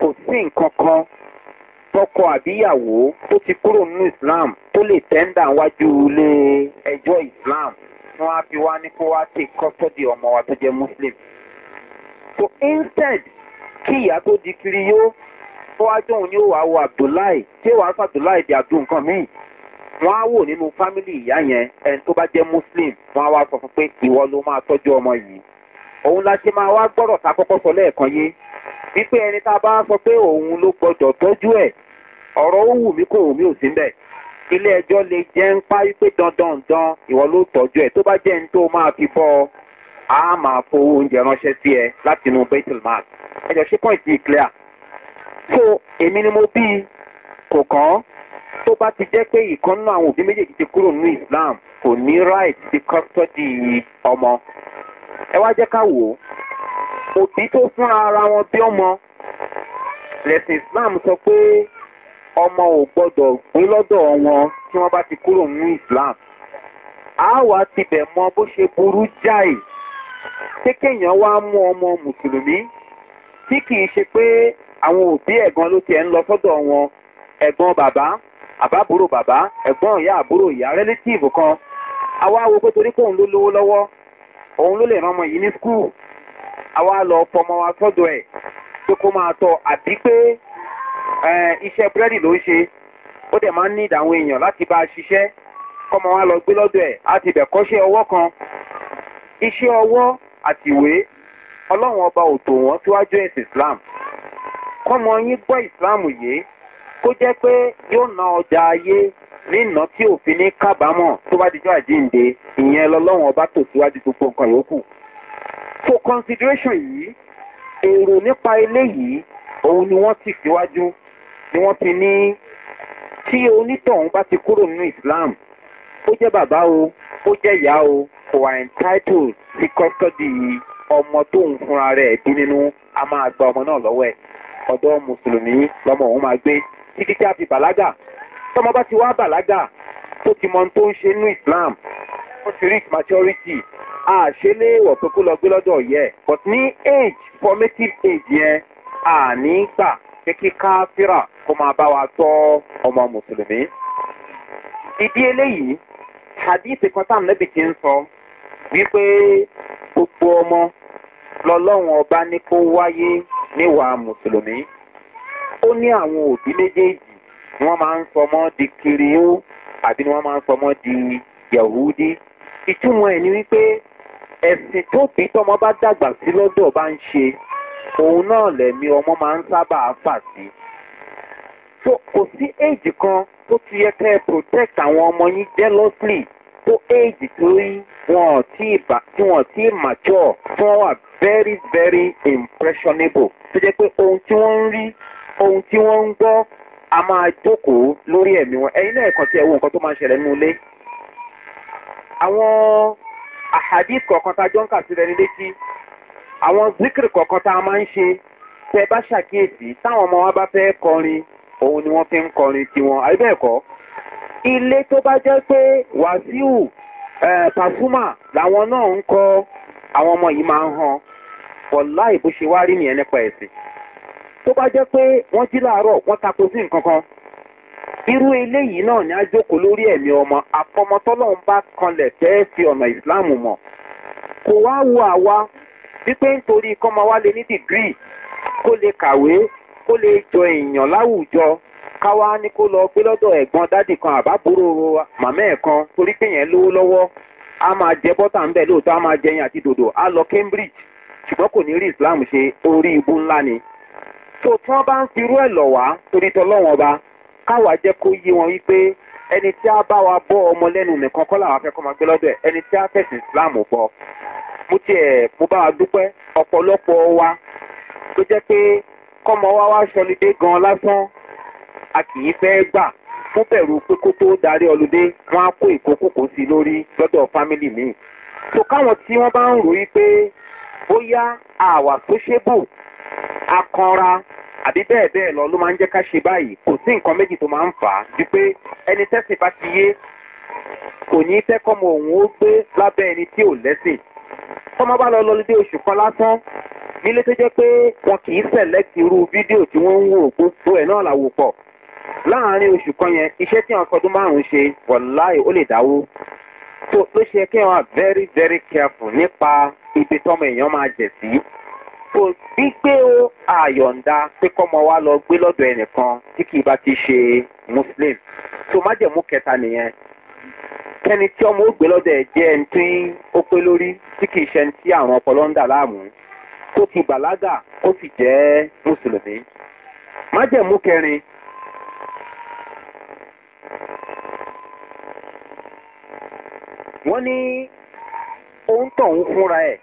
kò sí nǹkan kan tọkọ àbíyàwó tó ti kúrò nínú islam tó lè tẹ́ńdà wájú ilé ẹjọ́ islam. no á wa wá ní take custody ọmọ wa jẹ muslim so instead kí ìyá tó di kiri yó tó wá jóun ní abdullahi tí èèwà abdullahi di abdul nǹkan míì wọn á wò nínú fámìlì ìyá yẹn ẹni tó bá jẹ muslim wọn á wá sọ fún pé ìwọ ló máa tọjú ọmọ yìí òun la wá gbọ́dọ̀ ta sọ yé wípé ilé ẹjọ́ lè jẹ́ ń pa wípé dandandan ìwọ ló tọ́jú ẹ̀ tó bá jẹ́ ní tó máa fi fọ́ ọ á máa fowó oúnjẹ ránṣẹ́ sí ẹ láti inú bettelmark ẹjọ́ ṣe point yìí clear so èmi ni mo bí kò kàn tó bá ti jẹ́ pé ìkan nínú àwọn òbí méjèèjì ti kúrò nínú islam kò ní right ti custody ọmọ ẹ wá jẹ́ ká wò ó òbí tó fúnra ara wọn bí ọmọ lẹ̀sìn islam sọ pé. ọmọ ò gbọ́dọ̀ gbé lọ́dọ̀ wọn tí wọ́n bá ti kúrò ní islam a wá tibẹ̀ mọ bó ṣe burú jáì kékèèyàn wá mú ọmọ mùsùlùmí tí kìí ṣe pé àwọn òbí ẹ̀gbọ́n ló tiẹ̀ ń lọ sọ́dọ̀ wọn ẹ̀gbọ́n bàbá àbábúrò bàbá ẹ̀gbọ́n ìyá àbúrò ìyá rẹ́lẹ́tìfù kan àwa wo pé torí pé òun ló lówó lọ́wọ́ òun ló lè rán ọmọ yìí ní skul àwa lọ fọmọ wa sọ́dọ̀ ẹ̀ pé kó máa tọ́ àbí pé Eh, iṣẹ́ búrẹ́dì ló ń ṣe ó dẹ̀ máa ń ní ìdáhùn èèyàn láti bá a ṣiṣẹ́ kọ́mọ wa lọ gbé lọ́dọ̀ ẹ̀ á ti bẹ̀ kọ́ṣẹ́ ọwọ́ kan iṣẹ́ ọwọ́ àtìwé ọlọ́run ọba ò tò wọ́n síwájú ẹ̀sìn islam kọ́mọ yín gbọ́ islam yìí kó jẹ́ pé yóò na ọjà ayé nínà tí òfin ní kábàámọ̀ tó bá dijọ́ àjíǹde ìyẹn lọ́lọ́run ọba tò síwájú gbogbo nǹkan yòókù. for consideration yìí èrò nípa eléyìí òun ni wọ́n ti síwájú ni wọ́n ti ní tí onítọ̀hún bá ti kúrò nínú islam ó jẹ́ bàbá o ó jẹ́ ìyá o kò wà entitled sí custody ọmọ tóun fúnra rẹ̀ bí nínú a máa gba ọmọ náà lọ́wọ́ ẹ̀ ọ̀dọ́ mùsùlùmí lọ́mọ òun máa gbé títí tí a fi bàlágà tọ́mọ bá ti wá bàlágà tó ti mọ ohun tó ń ṣe nínú islam wọ́n ti reach maturity àṣeléèwọ̀ pé kó lọ gbé lọ́dọ̀ yẹ but ní age formative age yẹn àní gbà pé kí káfíra kó máa bá wa tọ́ ọmọ mùsùlùmí. ìdí eléyìí hadith kan tá ànábì ti ń sọ wípé gbogbo ọmọ lọlọ́run ọba ní kó wáyé níwàá mùsùlùmí. ó ní àwọn òbí méjèèjì ni wọ́n máa ń sọmọ́ di kirió àbí ni wọ́n máa ń sọmọ́ di yahudi. ìtumọ̀ ẹ̀ ni wípé ẹ̀sìn tó bí tọmọ bá dàgbà sí lọ́dọ̀ bá ń ṣe òun náà lẹ̀mí ọmọ máa ń sábà fà sí. so kò sí éèjì kan tó ti yẹ kẹ́ ẹ protect àwọn ọmọ yín jealously tó éèjì tó yí tí wọn tí mature tí wọn very very impressionable tó jẹ́ pé ohun tí wọ́n ń rí ohun tí wọ́n ń gbọ́ a máa jókòó lórí ẹ̀mí wọn ẹ̀yin náà kàn tí ẹ nǹkan tó máa ṣẹlẹ̀ nínú ilé. àwọn àhàdí kọ̀ọ̀kan tá a jọ ń kà sí ní létí àwọn zikiri kọ̀ọ̀kan tá a máa ń ṣe tẹ bá ṣàkíyèsí táwọn ọmọ wa bá fẹ́ kọrin òun ni wọ́n fi ń kọrin tiwọn àbẹ́ẹ̀kọ́ ilé tó bá jẹ́ pé wàsíù eh, pàṣúmà làwọn náà ń kọ àwọn ọmọ yìí máa ń han ọ̀la ìbò ṣe wá rí nìyẹn nípa ẹ̀sìn tó bá jẹ́ pé wọ́n jí láàárọ̀ wọ́n tako sí nǹkan kan irú eléyìí náà ni a jókòó lórí ẹ̀mí ọmọ àfọmọtọ́lọ́hún bá kanlẹ̀ fẹ́ẹ́ fi ọ̀nà ìsìláàmù mọ̀ kò wá wo àwa wípé nítorí kọ́mọ wa lè ní dìgírì kó lè kàwé kó lè jọ èèyàn láwùjọ káwa ní kó lọ gbé lọ́dọ̀ ẹ̀gbọ́n dádì kan àbábúrò màmá ẹ̀ kan torí pé yẹn lówó lọ́wọ́ a máa jẹ bọ́tà ń bẹ̀ lóòótọ́ a máa jẹ yẹn àti dòdò a lọ cambridge ṣùgbọ́n kò ní rí islam ṣe orí ibu ńlá ni. tó tí wọ́n bá ń firú ẹ̀ lọ̀ wá torí tọ́lọ́wọ́n ba káwa jẹ́ kó yé wọn wípé ẹni tí a bá wa bọ́ ọmọ lẹ́nu nìkan kọ́ làwọn afẹ́kọ́ máa gbé lọ́dọ̀ ẹ̀ ẹni tí a fẹ̀sìn islam bọ́ mo tiẹ̀ mo bá a dúpẹ́ ọ̀pọ̀lọpọ̀ wa tó jẹ́ pé kọ́mọ wa wá sọlidé gan lásán a kì í fẹ́ gbà fún bẹ̀rù pé kó tó darí ọlùdé wọn á kó ìkókòkò sí lórí lọ́dọ̀ fámìlì mi. tó káwọn tí wọ́n bá ń ròyìn pé bóyá àwà tó ṣébù akànra àbí bẹ́ẹ̀ bẹ́ẹ̀ lọ ló máa ń jẹ́ ká ṣe báyìí kò sí nǹkan méjì tó máa ń fà á ju pé ẹni tẹ́sìn bá ti yé kò ní fẹ́ kọ́mọ òun ó gbé lábẹ́ ẹni tí ò lẹ́sìn tọ́mọ bá lọ lọlé oṣù kan lásán nílé tó jẹ́ pé wọn kì í sẹ̀lẹ́kì irú fídíò tí wọ́n ń wò gbogbo ẹ̀ náà làwò pọ̀ láàárín oṣù kan yẹn iṣẹ́ tí wọn fọdún márùn-ún ṣe wọ̀láì ó lè dáwó tó ló ṣe kí wọn very very careful nípa ibi tọmọ èèyàn máa jẹ̀ sí kò gbígbé o àyọ̀ǹda pé kọ́mọ wa lọ gbé lọ́dọ̀ ẹnìkan tí kì í bá ti ṣe muslim tó májẹ̀mú kẹta nìyẹn kẹ́ni tí ọmọ ògbé lọ́dẹ̀ jẹ́ ẹni tí ó pé lórí tí kìí ṣe ẹni tí àrùn ọpọlọ ń dà láàmú tó ti bàlágà ó sì jẹ́ mùsùlùmí. májẹ̀mú kẹrin wọ́n ní ohun tọ̀hún fúnra ẹ̀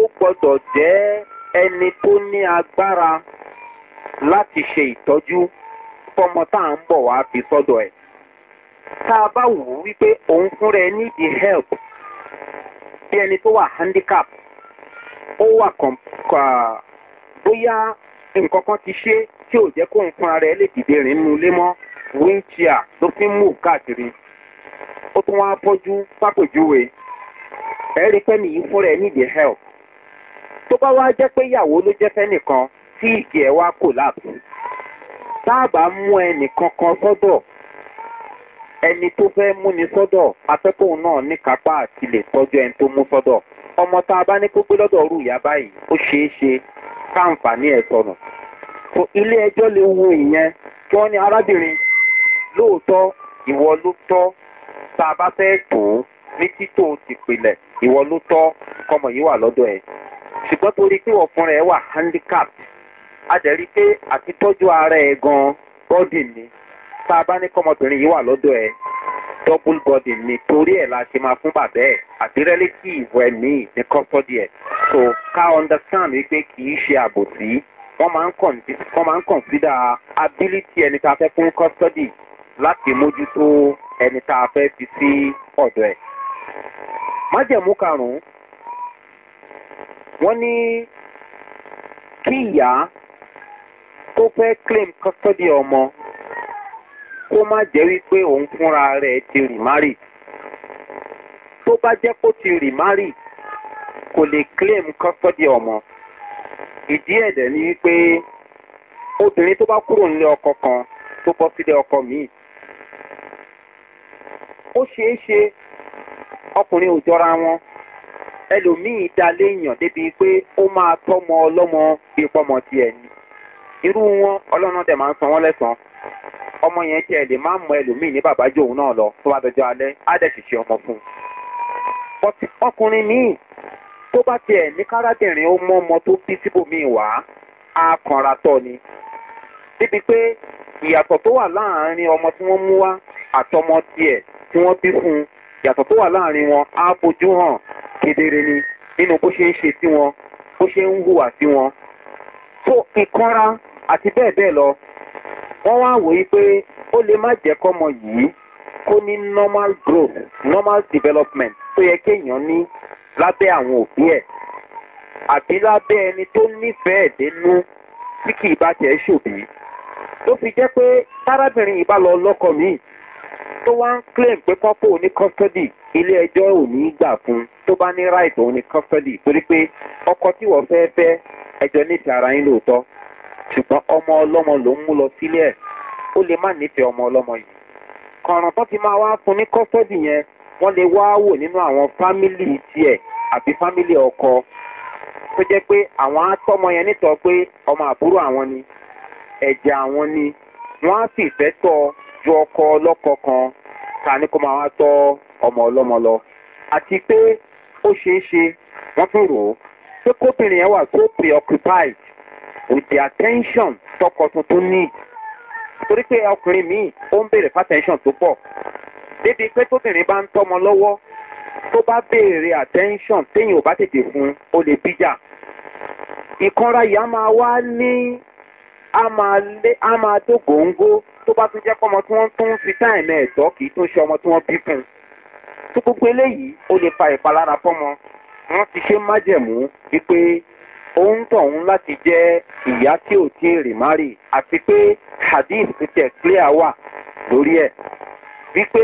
ó gbọ́dọ̀ jẹ́ ẹni tó ní agbára láti ṣe ìtọ́jú fọmọ tá à ń bọ̀ wá fi sọ́dọ̀ ẹ̀ tá a bá wò ó wípé òun fúnra ẹ need help bí ẹni tó wà handicap ó wà bóyá nǹkan kan ti ṣe tí ò jẹ́ kó ń fúnra rẹ̀ lè dìde rìn nínú ilé mọ́ wheelchair ló fi ń mú káàkiri ó tún wá bọ́jú pápòjúwe ẹ̀rí pẹ́ni yìí fúnra ẹ need the help tó bá wá jẹ́ pé ìyàwó ló jẹ́ fẹ́nìkan tí ìgì ẹ̀ wá collapse tá a bá mú ẹnìkan kan sọ́dọ̀ ẹni tó fẹ́ múni sọ́dọ̀ afẹ́kọ̀ọ́ náà ní kápá àti lè tọ́jú ẹni tó mú sọ́dọ̀ ọmọ tá a bá ní kó gbé lọ́dọ̀ rú ìyá báyìí ó ṣeé ṣe káǹfààní ẹ̀ sọnù. so ilé ẹjọ́ lè wo ìyẹn kí wọ́n ní arábìnrin lóòótọ́ ìwọ ló tọ́ tá a bá fẹ́ tó ní títò tìpìlẹ̀ ìwọ ló tọ́ kọmọ yìí wà lọ́dọ̀ ẹ̀ ṣùgbọ́n torí pé ọ̀fun rẹ̀ wà handicap a dẹ̀ rí pé àtitọ́jú ara ẹ̀ gan-an bọ́dì ni tá a bá ní kọ́mọbìnrin yìí wà lọ́dọ̀ ẹ double body ni torí ẹ̀ la ṣe máa fún bàbá ẹ̀ àti relative ẹ̀ míì ní custody ẹ̀ so ká understand wípé kì í ṣe àbòsí wọ́n máa ń consider ability ẹni tá a fẹ́ fún custody láti mójútó ẹni tá a fẹ́ fi sí ọ̀dọ̀ ẹ̀. májẹ̀mú karùn-ún wọ́n ní kí ìyá tó fẹ́ claim custody ọmọ kó má jẹ́ wípé òun fúnra rẹ̀ ti rì márì tó bá jẹ́ kó ti rì márì kò lè claim custody ọmọ ìdí ẹ̀dẹ̀ ni wípé obìnrin tó bá kúrò nílé ọkọ kan tó bọ́ sílé ọkọ míì ó ṣeé ṣe ọkùnrin ò jọra wọn ẹlòmíì dá léèyàn débi pé ó máa tọ́mọ ọlọ́mọ bíi pọ́mọ tiẹ̀ ni irú wọn ọlọ́run dẹ̀ máa ń san wọ́n lẹ́sàn-án ọmọ yẹn tiẹ̀ lè má mọ ẹlòmíì ní bàbá jò òun náà lọ tó bá dọjọ́ alẹ́ á dẹ̀ ṣiṣẹ́ ọmọ fún un. ọkùnrin míì tó bá tiẹ̀ ní kárábìnrin ó mọ ọmọ tó bí síbòmíì wá á kanra tọ́ ni. débi pé ìyàtọ̀ tó wà láàárín ọmọ tí wọ́n mú wá àtọmọ tiẹ̀ tí wọ́n bí fún un ìyàtọ̀ tó wà láàárín wọn á fojú hàn kedere ni nínú bó ṣe ń ṣe sí wọn bó ṣe ń hùwà sí wọn. tó ìkanra àti bẹ́ẹ̀ bẹ́ẹ̀ lọ wọ́n wá wòye pé ó lè má jẹ́ kọ́mọ yìí kó ní normal growth normal development tó yẹ kéèyàn ní lábẹ́ àwọn òbí ẹ̀ àbí lábẹ́ ẹni tó nífẹ̀ẹ́ dénú tí kì í bá tẹ̀ ṣòbí tó fi jẹ́ pé tárábìnrin yìí bá lọ lọ́kọ míì tó wá ń claim pé kọ́pọ̀ òní custody ilé ẹjọ́ ò ní gbà fún tó bá ní right òní custody torí pé ọkọ tí wọ́n fẹ́ fẹ́ ẹjọ́ níta ara yín lóòótọ́. ṣùgbọ́n ọmọ ọlọ́mọ ló ń mú lọ sílé ẹ̀ ó lè má nífẹ̀ẹ́ ọmọ ọlọ́mọ yìí kọ̀ọ̀ràn tó ti máa wá fún ní kọ́sọ́dì yẹn wọ́n lè wá wò nínú àwọn fámìlì tiẹ̀ àbí fámìlì ọkọ tó jẹ́ pé àwọn atọ́mọ yẹn nítọ́ pé ọmọ àbúrò àwọn ni ẹ̀jẹ̀ àwọn ni wọ́n á sì fẹ́ tọ́ ju ọkọ ọlọ́kọ kan ta ni kó máa wá tọ́ ọmọ ọlọ́mọ lọ àti pé ó ṣeé ṣe wọ́n tún rò ó pé kóbìnrin yẹn wà so preoccupied with the attention tọkọ tuntun need torí pé ọkùnrin míì ó ń béèrè fàtẹ́ńsọ̀n tó pọ̀ débi pé tóbìnrin bá ń tọ́mọ lọ́wọ́ tó bá béèrè attention téèyàn ò bá tètè fún ó lè bíjà ìkanra yìí a máa wá ní a máa lé a máa tó góńgó tó bá tún jẹ́ pọ́mọ tí wọ́n tún ń fi táìmù ẹ̀tọ́ kì í tún ṣe ọmọ tí wọ́n bí fún un tó gbogbo eléyìí ó lè fa ìpalára fọ́mọ wọ́n ti ṣe májẹ̀mú wípé òun tọ̀hún láti jẹ́ ìyá tí ò tí ì rì márì àti pé hadith tiẹ̀ clear wà lórí ẹ̀ wípé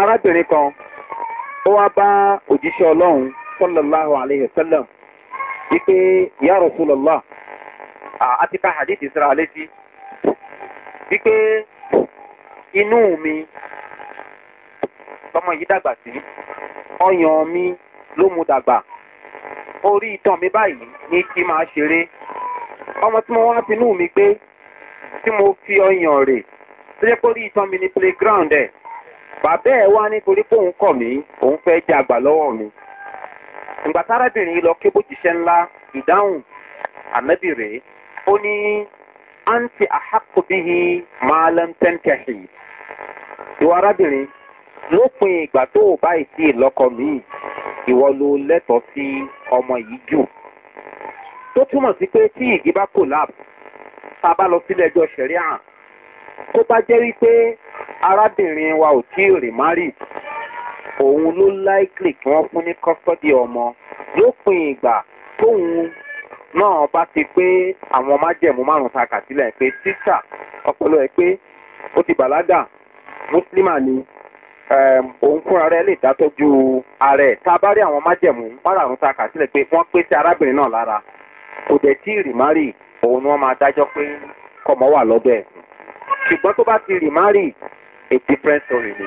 arábìnrin kan ó wá bá òjíṣẹ́ ọlọ́run sọ́lọ́láhu aleyhi sẹ́lẹ̀m wípé ìyá rọ̀ṣúlọ́lá àti ká hadith ìsra létí wípé inú mi lọmọ yìí dàgbà sí ọyàn mi ló mu dàgbà. orí ìtàn mi báyìí ní kí máa ṣeré ọmọ tí mo wá finú mi gbé tí mo fi ọyàn rè tó jẹ́ pé orí ìtàn mi ní playground ẹ̀ bàbá ẹ̀ wá nítorí pé òun kọ̀ mí òun fẹ́ jẹ àgbà lọ́wọ́ mi ìgbà tárábìnrin lọ kébù jíṣẹ́ ńlá ìdáhùn ànábì rèé ó ní àǹtí àhákòbíhi máa lẹ́m tẹ́ńkẹ̀hì ìwà arábìnrin lópin ìgbà tó o báyìí sí ìlọ́kọ ìwọ ló lẹ́tọ̀ọ́ sí ọmọ yìí jù tó túmọ̀ sí pé tí ìgì bá collapse tá a bá lọ sílé ẹjọ́ sẹ̀rí hàn tó bá jẹ́ wípé arábìnrin wa ò tí ì rìmárì òun ló láìkìlì kí wọ́n fún ní kọ́sọ́dì ọmọ lópin ìgbà tóun náà bá ti pé àwọn májẹ̀mú márùn ta kà sílẹ̀ pé sísà ọpọlọ ẹ pé ó ti bàlágà mùsùlùmá ni òun fúnra rẹ lè dátọ́jú ara ẹ̀ tá a bá rí àwọn májẹ̀mú márààrún tá a kà sílẹ̀ pé wọ́n pé sí arábìnrin náà lára kò dẹ̀ tí ì rì má rì òun ni wọ́n máa dájọ́ pé kọ̀mọ́ wà lọ́bẹ̀ ṣùgbọ́n tó bá ti rì a different story ni.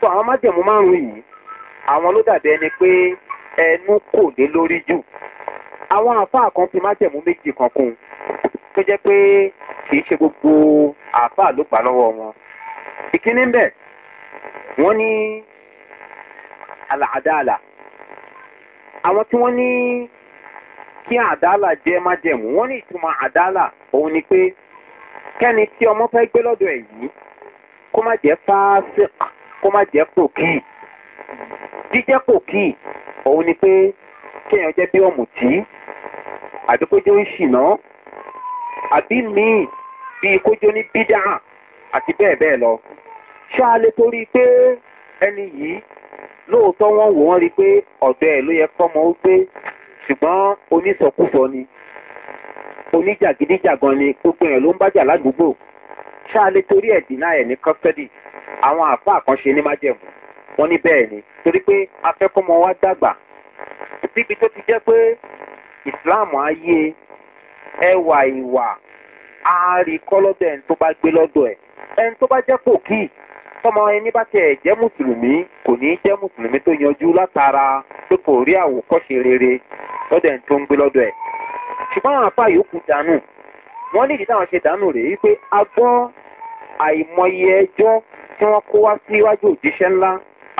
so àwọn májẹ̀mú márùn-ún yìí àwọn ló dàbí ẹni pé ẹnu kò lé lórí jù àwọn àáfàá kan fi májẹ̀mú méjì kan kún un tó jẹ́ pé kì í ṣe gbogbo àáfàá ló gbà lọ́wọ́ wọn. ìkíní bẹ́ẹ̀ wọ́n ní àlàádáàlà àwọn tí wọ́n ní kí àdáàlà jẹ́ májẹ̀mú wọ́n ní ìtumọ̀ àdáàlà òun ni pé kẹ́ni tí ọmọ fẹ́ gbé lọ́dọ̀ ẹ̀ yìí kó má jẹ́ fásik kó má jẹ́ pòkì jíjẹ́ pòkì òun ni pé kéèyàn jẹ́ bí ọ̀mùtí àbí kójó ń ṣìnà àbí míì bíi kójó ní bídà àti bẹ́ẹ̀ bẹ́ẹ̀ lọ ṣáà lè torí pé ẹni yìí lóòótọ́ wọ́n wò wọ́n rí pé ọ̀dọ́ ẹ̀ ló yẹ kọ́mọ ó gbé ṣùgbọ́n onísọkúsọ ni oníjàgídíjàgan ni gbogbo ẹ̀ ló ń bájà ládùúgbò ṣáà lè torí ẹ̀ dínà ẹ̀ ní kọ́sẹ́dì àwọn àfa àkànṣe ní májẹ̀mú wọn ní bẹ́ẹ̀ ni torí pé afẹ́kọ́mọ wa dàgbà síbi tó ti jẹ́ pé islam ayé ẹwà ìwà àárí kọ́lọ́dẹ̀ ẹni tó bá gbé lọ́dọ̀ ẹ̀ ẹni tó bá jẹ́ kò kíì tọmọ ẹni bá tiẹ̀ jẹ́ mùsùlùmí kò ní í jẹ́ mùsùlùmí tó yanjú látara pé kò rí àwòkọ́ṣe rere lọ́dẹ̀ tó ń gbé lọ́dọ̀ ẹ̀. ṣùgbọ́n àwọn apá yòókù dànù wọ́n nídìí táwọn ṣe dànù rèé wípé a gbọ́ àìmọye ẹjọ́ tí wọ́n kó wá síwájú òjíṣẹ́ ńlá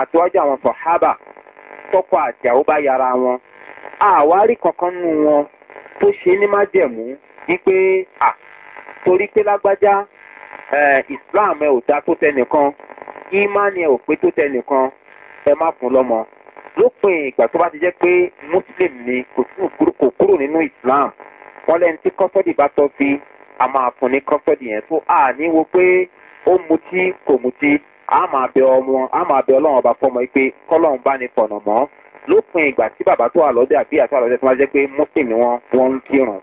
àtiwájú àwọn sọ̀hábà tọ́kọ àjàó bá yára wọn. àwárí kankan nù wọn tó ṣe ní májẹ̀mú wípé à torí pé lágbájá islam ẹ ò dá tó tẹnìkan ìmánì ẹ̀ ò pé tó tẹ nìkan ẹ má fún lọ́mọ lópin ìgbà tó bá ti jẹ́ pé muslim ni kò kúrò nínú islam wọ́n lẹ́ni tí kọ́sọ́dì bá tọ́ sí a máa fún ní kọ́sọ́dì yẹn tó a ní wo pé ó mutí kò mutí a máa bẹ ọmọ a máa bẹ ọlọ́run ọba fọmọ yìí pé kọ́lọ́run bá ní pọ̀nà mọ́ lópin ìgbà tí bàbá tó wà àbí àtọ́ àlọ́dẹ tó máa jẹ́ pé muslim ni wọ́n wọ́n ń kírun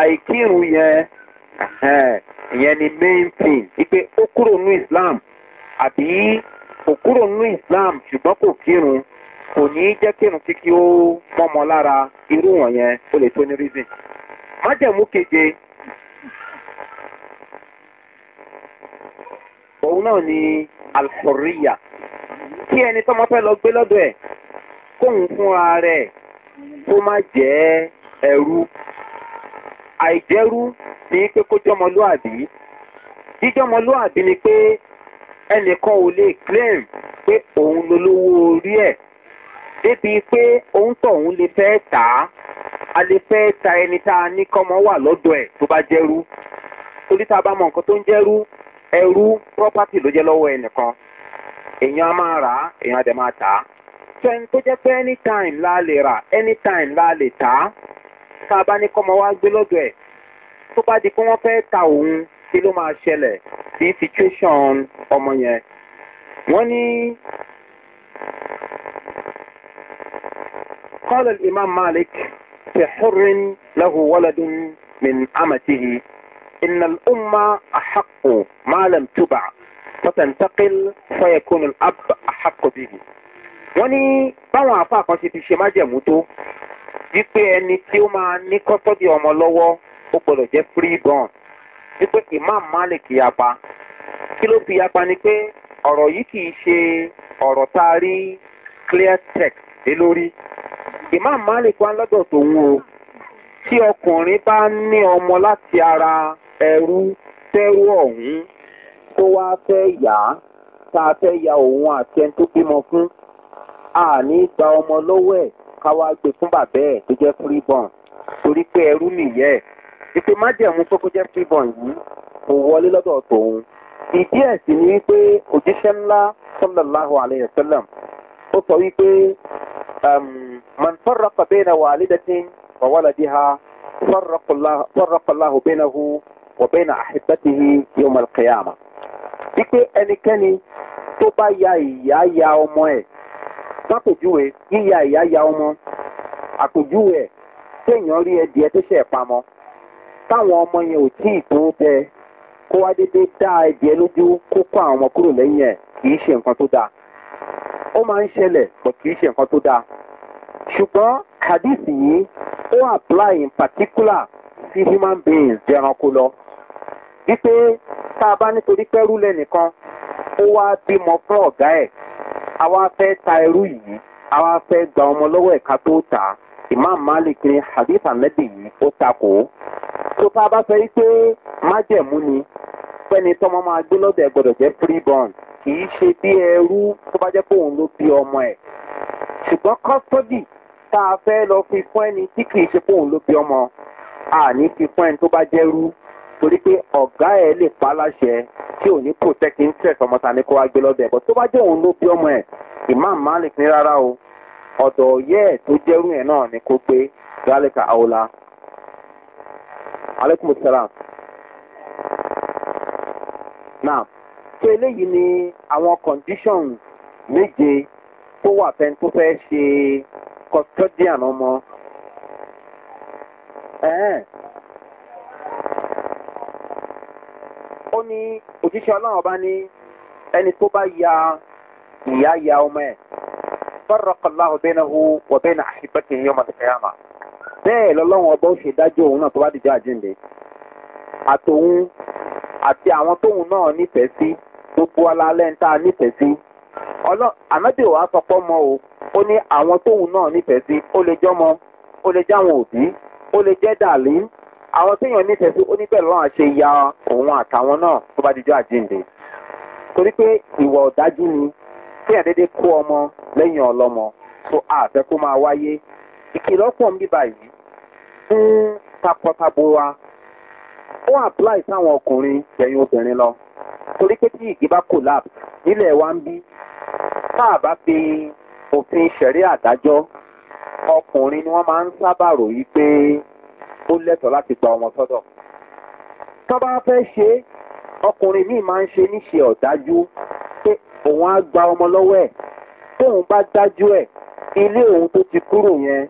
àìkírun yẹn ìyẹn ni main thing ipe ó kúrò nínú islam àbí kò kúrò nínú islam ṣùgbọ́n kò kírun kò ní jẹ́ kírun kíkí ó mọ́mọ́ lára irú wọ̀nyẹn ó lè tó ní reason. májẹ̀mú keje òun náà ni alforiya kí ẹni tọ́mọ fẹ́ lọ gbé lọ́dọ̀ ẹ̀ kóun fúnra rẹ̀ kó má jẹ́ ẹrú àìjẹ́rú ní pé kó jọmọlúàbí jíjọmọlúàbí ni pé ẹnìkan ò lè claim pé òun lolówó orí ẹ̀ débi pé òun tọ̀hún lè fẹ́ tà á a lè fẹ́ ta ẹni tá a ní kọ́mọ wà lọ́dọ̀ ẹ̀ tó bá jẹ́rú torí tá a bá mọ nǹkan tó ń jẹ́rú ẹrú property ló jẹ́ lọ́wọ́ ẹnìkan èèyàn á máa rà á èèyàn á dẹ̀ máa tà á tó ẹni tó jẹ́ pé anytime la lè rà anytime la lè tà á tá a bá ní kọ́mọ wá gbé lọ́dọ̀ ẹ̀ tó bá di pé wọ́n fẹ́ ta òun kí ló máa ṣẹlẹ̀ sí situation ọmọ yẹn wọ́n ní قال الإمام مالك كحر له ولد من أمته إن الأمة أحق ما لم تبع فتنتقل فيكون الأب أحق به wọ́n ní báwọn àfa kan ṣe ti ṣe májẹ̀mú tó wípé ẹni tí ó máa ní kọ́tọ́dì ọmọ lọ́wọ́ ó gbọ́dọ̀ jẹ́ free born wípé imam malik yapa kí ló fi yapa ni pé ọ̀rọ̀ yìí kì í ṣe ọ̀rọ̀ tá a rí clear text lé lórí imam malik wà lọ́dọ̀ tòun o tí ọkùnrin bá ní ọmọ láti ara ẹrú tẹ́rú ọ̀hún tó wá fẹ́ yá tá a fẹ́ ya òun àti ẹni tó bímọ fún àní gba ọmọ lọ́wọ́ ẹ̀ ká gbé fún bàbá ẹ̀ tó jẹ́ freeborn torí pé ẹrú nìyẹn ìpè májẹ̀mú tó kó jẹ́ freeborn yìí kò wọlé lọ́dọ̀ tòun ìdí ẹ̀ sì ni wípé òjíṣẹ́ ńlá sọ́lọ́láhu aleyhi sẹ́lẹ̀m ó sọ wípé mọ̀nfọ́rọ̀ kọ̀bẹ́ẹ̀nà wà lídẹ́tì wàwálàdí ha fọ́rọ̀kọ̀láhu bẹ́ẹ̀nahu wọ̀bẹ́ẹ̀nà àhìbẹ́tìhì yóò mọ̀ kẹ́yàmà. wípé ẹnikẹ́ni tó bá ya ìyá ya ọmọ ẹ̀ sápèjúwe yíya ìyá ya ọmọ àpèjúwe ẹ̀ téèyàn rí ẹ díẹ̀ tó pamọ́ táwọn ọmọ yẹn ò tí ì tó bẹ kó wá dédé dá ẹdìẹ lójú kó kó àwọn ọmọ kúrò lẹ́yìn ẹ̀ kì í ṣe nǹkan tó dáa ó máa ń ṣẹlẹ̀ pọ̀ kì í ṣe nǹkan tó dáa ṣùgbọ́n hadith yìí ó apply in particular sí human beings jẹranko lọ wípé tá a bá nítorí pẹ́rú lẹ́nìkan ó wá bímọ fún ọ̀gá ẹ̀ àwa fẹ́ ta ẹrú yìí àwa fẹ́ gba ọmọ lọ́wọ́ ẹ̀ka tó tà á imam malik ní hadith anabi yìí ó takò ó tó tá a bá sọ yìí pé májẹ̀mú ni fẹ́ni tọ́mọ máa gbé lọ́dọ̀ ẹ̀ gbọ́dọ̀ jẹ́ freeborn kì í ṣe bí ẹrú tó bá jẹ́ pé òun ló bí ọmọ ẹ̀ ṣùgbọ́n custody tá a fẹ́ lọ fi fún ẹni tí kì í ṣe pé òun ló bí ọmọ àní fi fún ẹni tó bá jẹ́rú torí pé ọ̀gá ẹ̀ lè pa láṣẹ tí ò ní protect interest ọmọ tani kó wá gbé lọ́dọ̀ ẹ̀ bọ̀ tó bá jẹ́ òun ló bí ọmọ ẹ̀ imam malik ní rárá o ọ̀dọ̀ ọ̀yẹ́ ẹ̀ tó jẹ́rú ẹ̀ náà ni kó gbé gálíkà àwòlá aleykum salaam. now so eléyìí ni àwọn conditions méje tó wà fẹ́ tó fẹ́ ṣe custodian ọmọ. ó ní òjíṣẹ́ ọlọ́run ọba ní ẹni tó bá ya ìyá ya ọmọ ẹ̀ bá rọ̀kọ̀lá ọ̀bẹ́ni ọ̀bẹ́ni àṣìbẹ́tì yọmọ tẹ̀yàmà bẹ́ẹ̀ lọ́lọ́run ọba ó ṣe dájú òun náà tó bá dìjọ́ àjíǹde àtòun àti àwọn tóun náà nífẹ̀ẹ́ sí gbogbo alálẹ́ ń tá a nífẹ̀ẹ́ sí ànábìò wa sọ pọ́ mọ́ o ó ní àwọn tóun náà nífẹ̀ẹ́ sí ó lè jọ́mọ ó lè jáwọn òbí ó lè jẹ́ dàlí àwọn téèyàn nífẹ̀ẹ́ sí ó ní bẹ́ẹ̀ lọ́wọ́ àṣẹ ya òun àtàwọn náà tó bá dìjọ́ àjíǹde torí pé ìwà ọ̀dájú ni téèyàn déédéé kó ọmọ lẹ́yìn ọlọ́mọ tó àfẹ́ kó máa wáyé ìkìlọ́pọ̀ ń bíbá yìí fún takọtabo wa ó apply sáwọn ọkùnrin jẹyìn obìnrin lọ torí pé tí ìgbé bá collapse nílẹ̀ wa ń bí tá a bá fi òfin ṣẹ̀rí àdájọ́ ọkùnrin ni wọ́n máa ń sábà ròyìn pé ó lẹ́tọ̀ọ́ láti gba ọmọ sọ́dọ̀ tó bá fẹ́ ṣe é ọkùnrin míì máa ń ṣe níṣe ọ̀dájú pé òun á gba ọmọ lọ́wọ́ ẹ̀ tóun bá dájú ẹ̀ ilé òun tó ti kúrò yẹn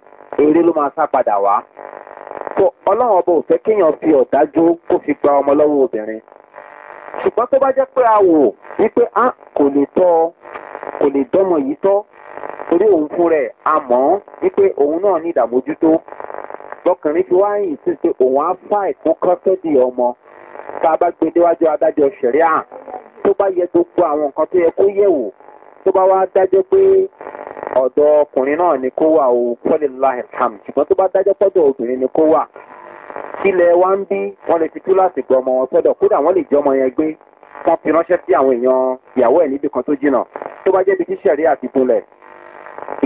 eré ló máa sá padà wá so ọlọ́run ọba ò fẹ́ kéèyàn fi ọ̀dájú kó fi gba ọmọ lọ́wọ́ obìnrin ṣùgbọ́n tó bá jẹ́ pé a wò wípé a kò lè tọ́ kò lè dọ́mọ yìí tọ́ torí òun fún rẹ̀ a mọ̀ ọ́n wípé òun náà ní ìdàmójútó lọkùnrin fi wá yìí sí pé òun á fà ẹ̀kún kọ́sẹ́dì ọmọ tá a bá gbé déwájú adájọ́ sẹ̀ríà tó bá yẹ gbogbo àwọn nǹkan tó yẹ kó yẹ̀wò tó bá wá dájọ́ pé ọ̀dọ̀ ọkùnrin náà ni kó wà o kọ́lélàhì ham ṣùgbọ́n tó bá dájọ́ tọ́jọ́ obìnrin ni kó wà sílẹ̀ wá ń bí wọ́n lè fi tú láti gbọ́ ọmọ wọn sọ́dọ̀ kódà wọ́n lè jẹ́ ọmọ yẹn gbé wọ́n fi ránṣẹ́ sí àwọn èèyàn ìyàwó ẹ̀ níbi kan tó jìnà tó bá jẹ́ bí tíṣẹ̀rí àti ìpínlẹ̀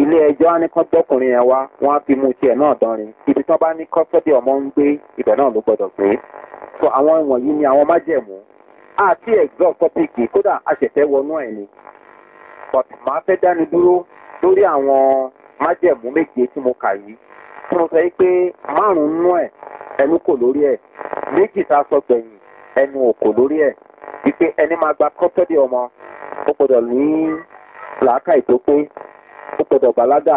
ilé ẹjọ́ á ní kán gbọ́kùnrin yẹn wá wọ́n á fi mú tiẹ̀ náà dánrin ibi tán bá ní kọ́sọ́dì ọmọ ń gbé ibẹ̀ náà ló gbọ́dọ̀ gbé so àwọn wọ̀nyí ni àwọn májẹ̀mú àti exhaust topic kódà a wọnú ẹ̀ ni but màá fẹ́ dáni dúró lórí àwọn májẹ̀mú méje tí mo kà yìí tí mo sọ yìí pé márùn-ún nú ẹ̀ ẹnu kò lórí ẹ̀ méjì tá a sọ gbẹ̀yìn ẹnu ò kò lórí ẹ̀ wípé ẹni máa gba kọ́tọ́dì ọmọ ó gbọ́dọ̀ ní làákàyè tó pé ó gbọ́dọ̀ bàlágà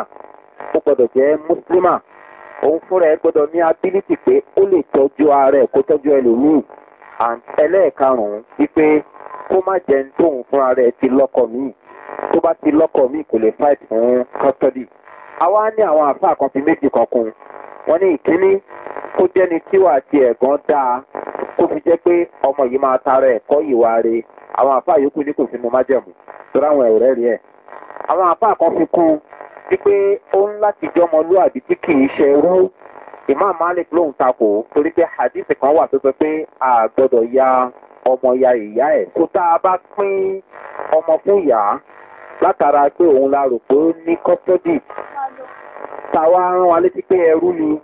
ó gbọ́dọ̀ jẹ́ mùsùlùmá òun fúnra ẹ gbọ́dọ̀ ní ability pé ó lè tọ́jú ara ẹ̀ kó tọ́jú ẹlòmíì ẹlẹ́ẹ̀karùn-ún wípé kó má jẹun tóun fúnra rẹ̀ ti lọ́kọ̀ míì tó bá ti lọ́kọ̀ mi kò lè fight fún custody. àwa ní àwọn àfáà kan fi méjì kan kún wọn ní ìkíní kó jẹ́ni tíwà àti ẹ̀gán dáa kó fi jẹ́ pé ọmọ yìí máa tara ẹ̀kọ́ ìwà re àwọn àfáà yòókù ní kò sínú májẹ̀mú torí àwọn ẹ̀rẹ́ rí ẹ̀. àwọn àfáà kan fi kún wípé ó ń láti jọmọlúàbí tí kì í ṣe rú imam malik ló takò torí pé hadith kan wà tó pé a gbọdọ̀ ya ọmọ ya ìyá ẹ̀ tó tá a bá pín ọmọ fún ìyá látara pé òun la rò pé ó ní custody táwa rán wa létí pé ẹrú ni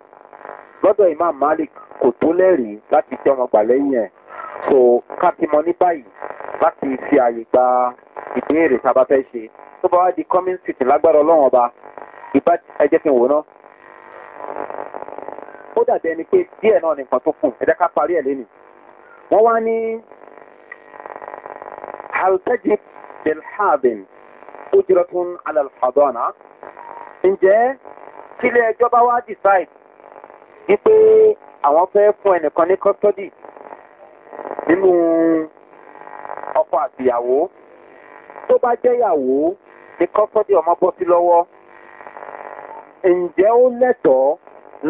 lọ́dọ̀ imam malik kò tó lẹ́rìí láti jẹ́ ọmọ gbà lẹ́yìn ẹ̀ so ká ti mọ ní báyìí láti fi àyè gba ìbéèrè tá a bá fẹ́ ṣe tó bá wá di coming street lágbára ọlọ́run ọba ìbá ẹ jẹ́ kí n wò ná. ó dàbí ẹni pé díẹ̀ náà nìkan tó kù ẹ jẹ́ ká parí ẹ̀ lẹ́nu wọ́n wá ní haltajib delhaven ojúratún alalfàdọ́nà ǹjẹ́ kílẹ̀ ẹjọ́ bá wá decide wípé àwọn fẹ́ fún ẹnìkan ní custody nínú ọkọ àtìyàwó tó bá jẹ́yàwó ní custody ọmọ bọ́ sí lọ́wọ́ ǹjẹ́ ó lẹ́tọ̀ọ́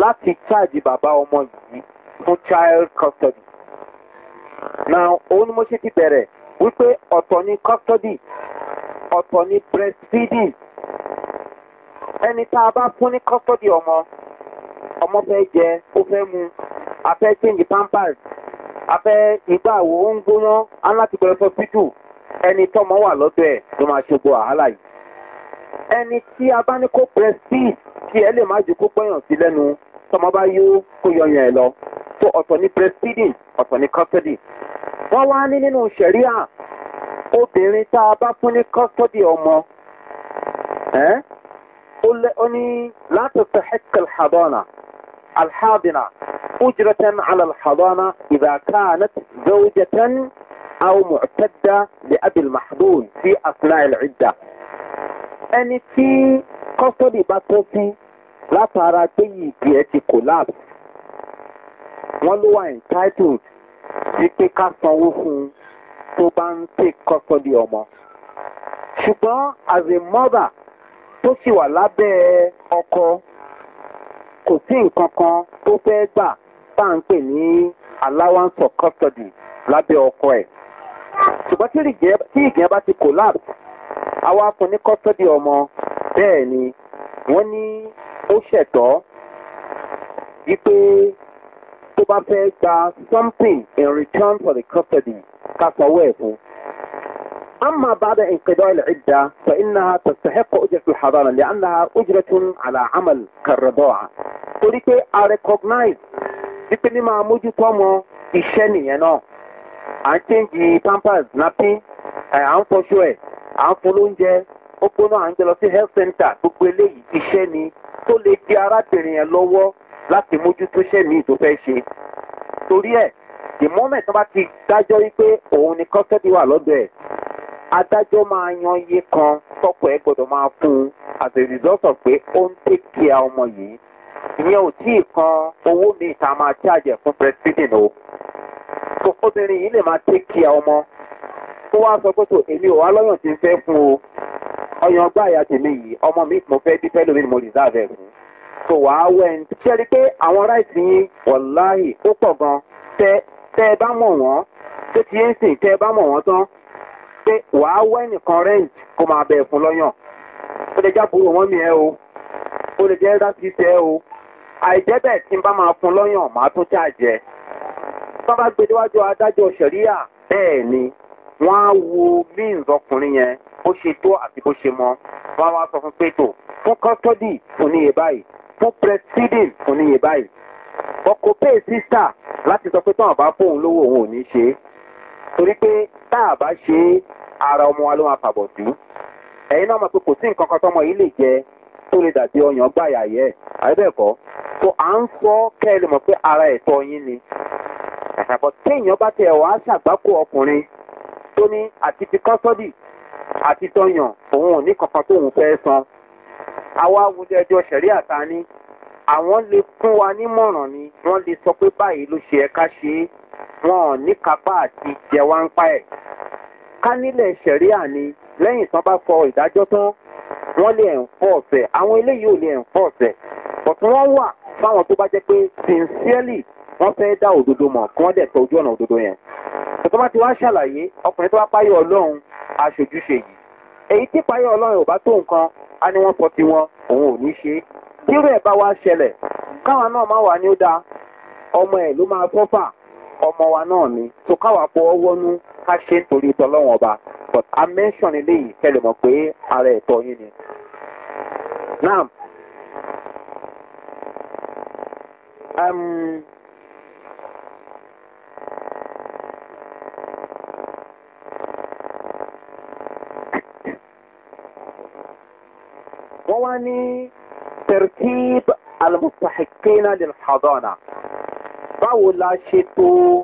láti charge bàbá ọmọ yìí fún child custody. now òun ni mo ṣe ti bẹ̀rẹ̀ wípé ọ̀tọ̀ ni custody ọ̀tọ̀ ni breastfeeding ẹni tá a bá fún ní custody ọmọ ọmọ fẹ́ jẹ ó fẹ́ mu afẹ́ change pampers afẹ́ ìgbàwó ń gbóná aláti bẹ̀rẹ̀ sọ́sítù ẹni tọ́mọ wà lọ́dọ̀ ẹ̀ ló máa ṣe gbọ́ wàhálà yìí ẹni tí a bá ní kó breastfeed kí ẹ lè má jù kó gbọ́yàn sí lẹ́nu tọmọ bá yó kó yọyàn ẹ̀ lọ so ọ̀tọ̀ ni breastfeeding ọ̀tọ̀ ni custody wọ́n wá ní nínú sẹ̀ríà obìnrin tá a bá fún ní kọ́sọ́dì ọmọ ó lé ní láti tẹ̀hẹ́kẹ̀ alḥadọ́nà alḥadìnà ujratan ala alḥadọ́nà ìdàkánat zawjatan aw muctadda li abi almaxdun fi asnaa alcidda ẹni tí kọ́sọ́dì bá tó sí látara pé yìí ẹ ti collapse wọ́n ló wà entitled sí pé ká sanwó fún un. tó bá ń take custody ọmọ ṣùgbọ́n as a mother tó sì wà lábẹ́ ọkọ kò sí nǹkan kan tó fẹ́ gbà tá à ń pè ní allowance of custody lábẹ́ ọkọ ẹ̀ ṣùgbọ́n tí ìgbìyàn bá ti collapse àwa fún ní custody ọmọ bẹ́ẹ̀ ni wọ́n ní ó ṣẹ̀tọ́ wípé tó bá fẹ́ gba something in return for the custody ká sanwó أما بعد انقضاء العدة فإنها تستحق أجرة الحضانة لأنها أجرة على عمل كالرضاعة torí pé a recognize wípé ní máa mójútó ọmọ iṣẹ́ nìyẹn náà à ń change pampers napin à ń fọṣọ ẹ̀ à ń fún lóúnjẹ ó gbóná à ń jẹ lọ sí health center gbogbo eléyìí iṣẹ́ ni tó lè di arábìnrin yẹn lọ́wọ́ láti mójútó iṣẹ́ míì tó fẹ́ ṣe torí ẹ̀ the moment wọn bá ti dájọ́ wípé òun ni custody wà lọ́dọ̀ ẹ̀ adájọ́ máa yan iye kan tọ́pọ̀ ẹ̀ gbọ́dọ̀ máa fún un as a result of pé ó ń take care ọmọ yìí ìyẹn ò tí ì kan owó míì tá a máa charge fún breastfeeding o so obìnrin yìí lè máa take care ọmọ tó wá sọ pé tó èmi ò wá lọ́yàn tí ń fẹ́ fún o ọyàn ọgbà àyà tèmi yìí ọmọ mi mo fẹ́ bí fẹ́lómi ni mo reserve ẹ̀ fún so wàá wẹ̀ ń ṣẹ́ni pé àwọn ráìtì yín wọ̀láhì ó pọ̀ gan tẹ́ tẹ́ ẹ bá mọ̀ wọ́n tó ti ń sìn tẹ́ ẹ bá mọ̀ wọ́n tán pé wàá wẹ́ nìkan rent kó máa bẹ̀ fún lọ́yàn ó lè jábúrò wọ́n mi ẹ o ó lè jẹ́ láti tẹ́ ẹ o àìjẹ́ bẹ́ẹ̀ tí n bá máa fún lọ́yàn màá tún ṣàjẹ́ tó bá gbé déwájú adájọ́ sẹ̀ríyà bẹ́ẹ̀ ni wọ́n á wo means ọkùnrin yẹn bó ṣe tó àti bó ṣe mọ wọ́n á wá sọ fún pétò fún custody fún níye báyìí fún preceding fún níye báyìí ọkọ̀ pay sísà láti sọ pé táwọn bá fóun lówó òun ò ní ṣe é torí pé tá a bá ṣe é ara ọmọ wa ló máa fàbọ̀ sí ẹ̀yin náà mọ̀ pé kò sí nǹkan kan tọmọ yìí lè jẹ tó lè dàbí ọyàn gbàyà yẹ àbẹ́bẹ̀kọ́ tó à ń sọ kẹ́ ẹ lè mọ̀ pé ara ẹ̀tọ́ yín ni àṣàkọ́ téèyàn bá tẹ̀ wá ṣàgbákò ọkùnrin tó ní àti ti kọ́sọ́dì àti tọyàn òun ò ní kankan tóun fẹ́ san àwa awùjọ ẹjọ́ sẹ̀rí àtàní àwọn lè fún wa nímọ̀ràn ni wọ́n lè sọ pé báyìí ló ṣe ẹ̀ka ṣe é wọn ò ní kápá àti jẹ wá ń pa ẹ̀. ká nílẹ̀ ṣẹ̀ríà ni lẹ́yìn tán bá fọ ìdájọ́ tán wọ́n lè ẹ̀ǹfọ́ọ̀sẹ̀ àwọn eléyìí ò lè ẹ̀ǹfọ́ọ̀sẹ̀ ọ̀tún wọ́n wà fáwọn tó bá jẹ́ pé sincerely wọ́n fẹ́ dá òdodo mọ̀ kí wọ́n dẹ̀ tọ ojú ọ̀nà òdodo yẹn. ọ̀tọ́ bá ti wá ṣàlàyé ọkùnrin tó bá páyọ̀ ọlọ́run aṣojúṣe yìí èyí tí páyọ̀ ọlọ́run ò bá tó nǹkan á ní wọ́n sọ tiwọn òun ò ní ṣe é tírú ẹ̀ bá wa ṣẹlẹ̀ káwọn náà máa wà ní ó dáa ọmọ ẹ̀ ló máa fọ́fà ọmọ wa náà ni tó káwa bọ́ wọ́nú ká ṣe ń torí ìtọ́ ọba but a mention eléyìí kẹlẹ̀ mọ̀ pé ara ẹ̀tọ́ yín ni. now um, wọ́n wá ní. ترتيب المستحقين للحضانة báwo la ṣe tó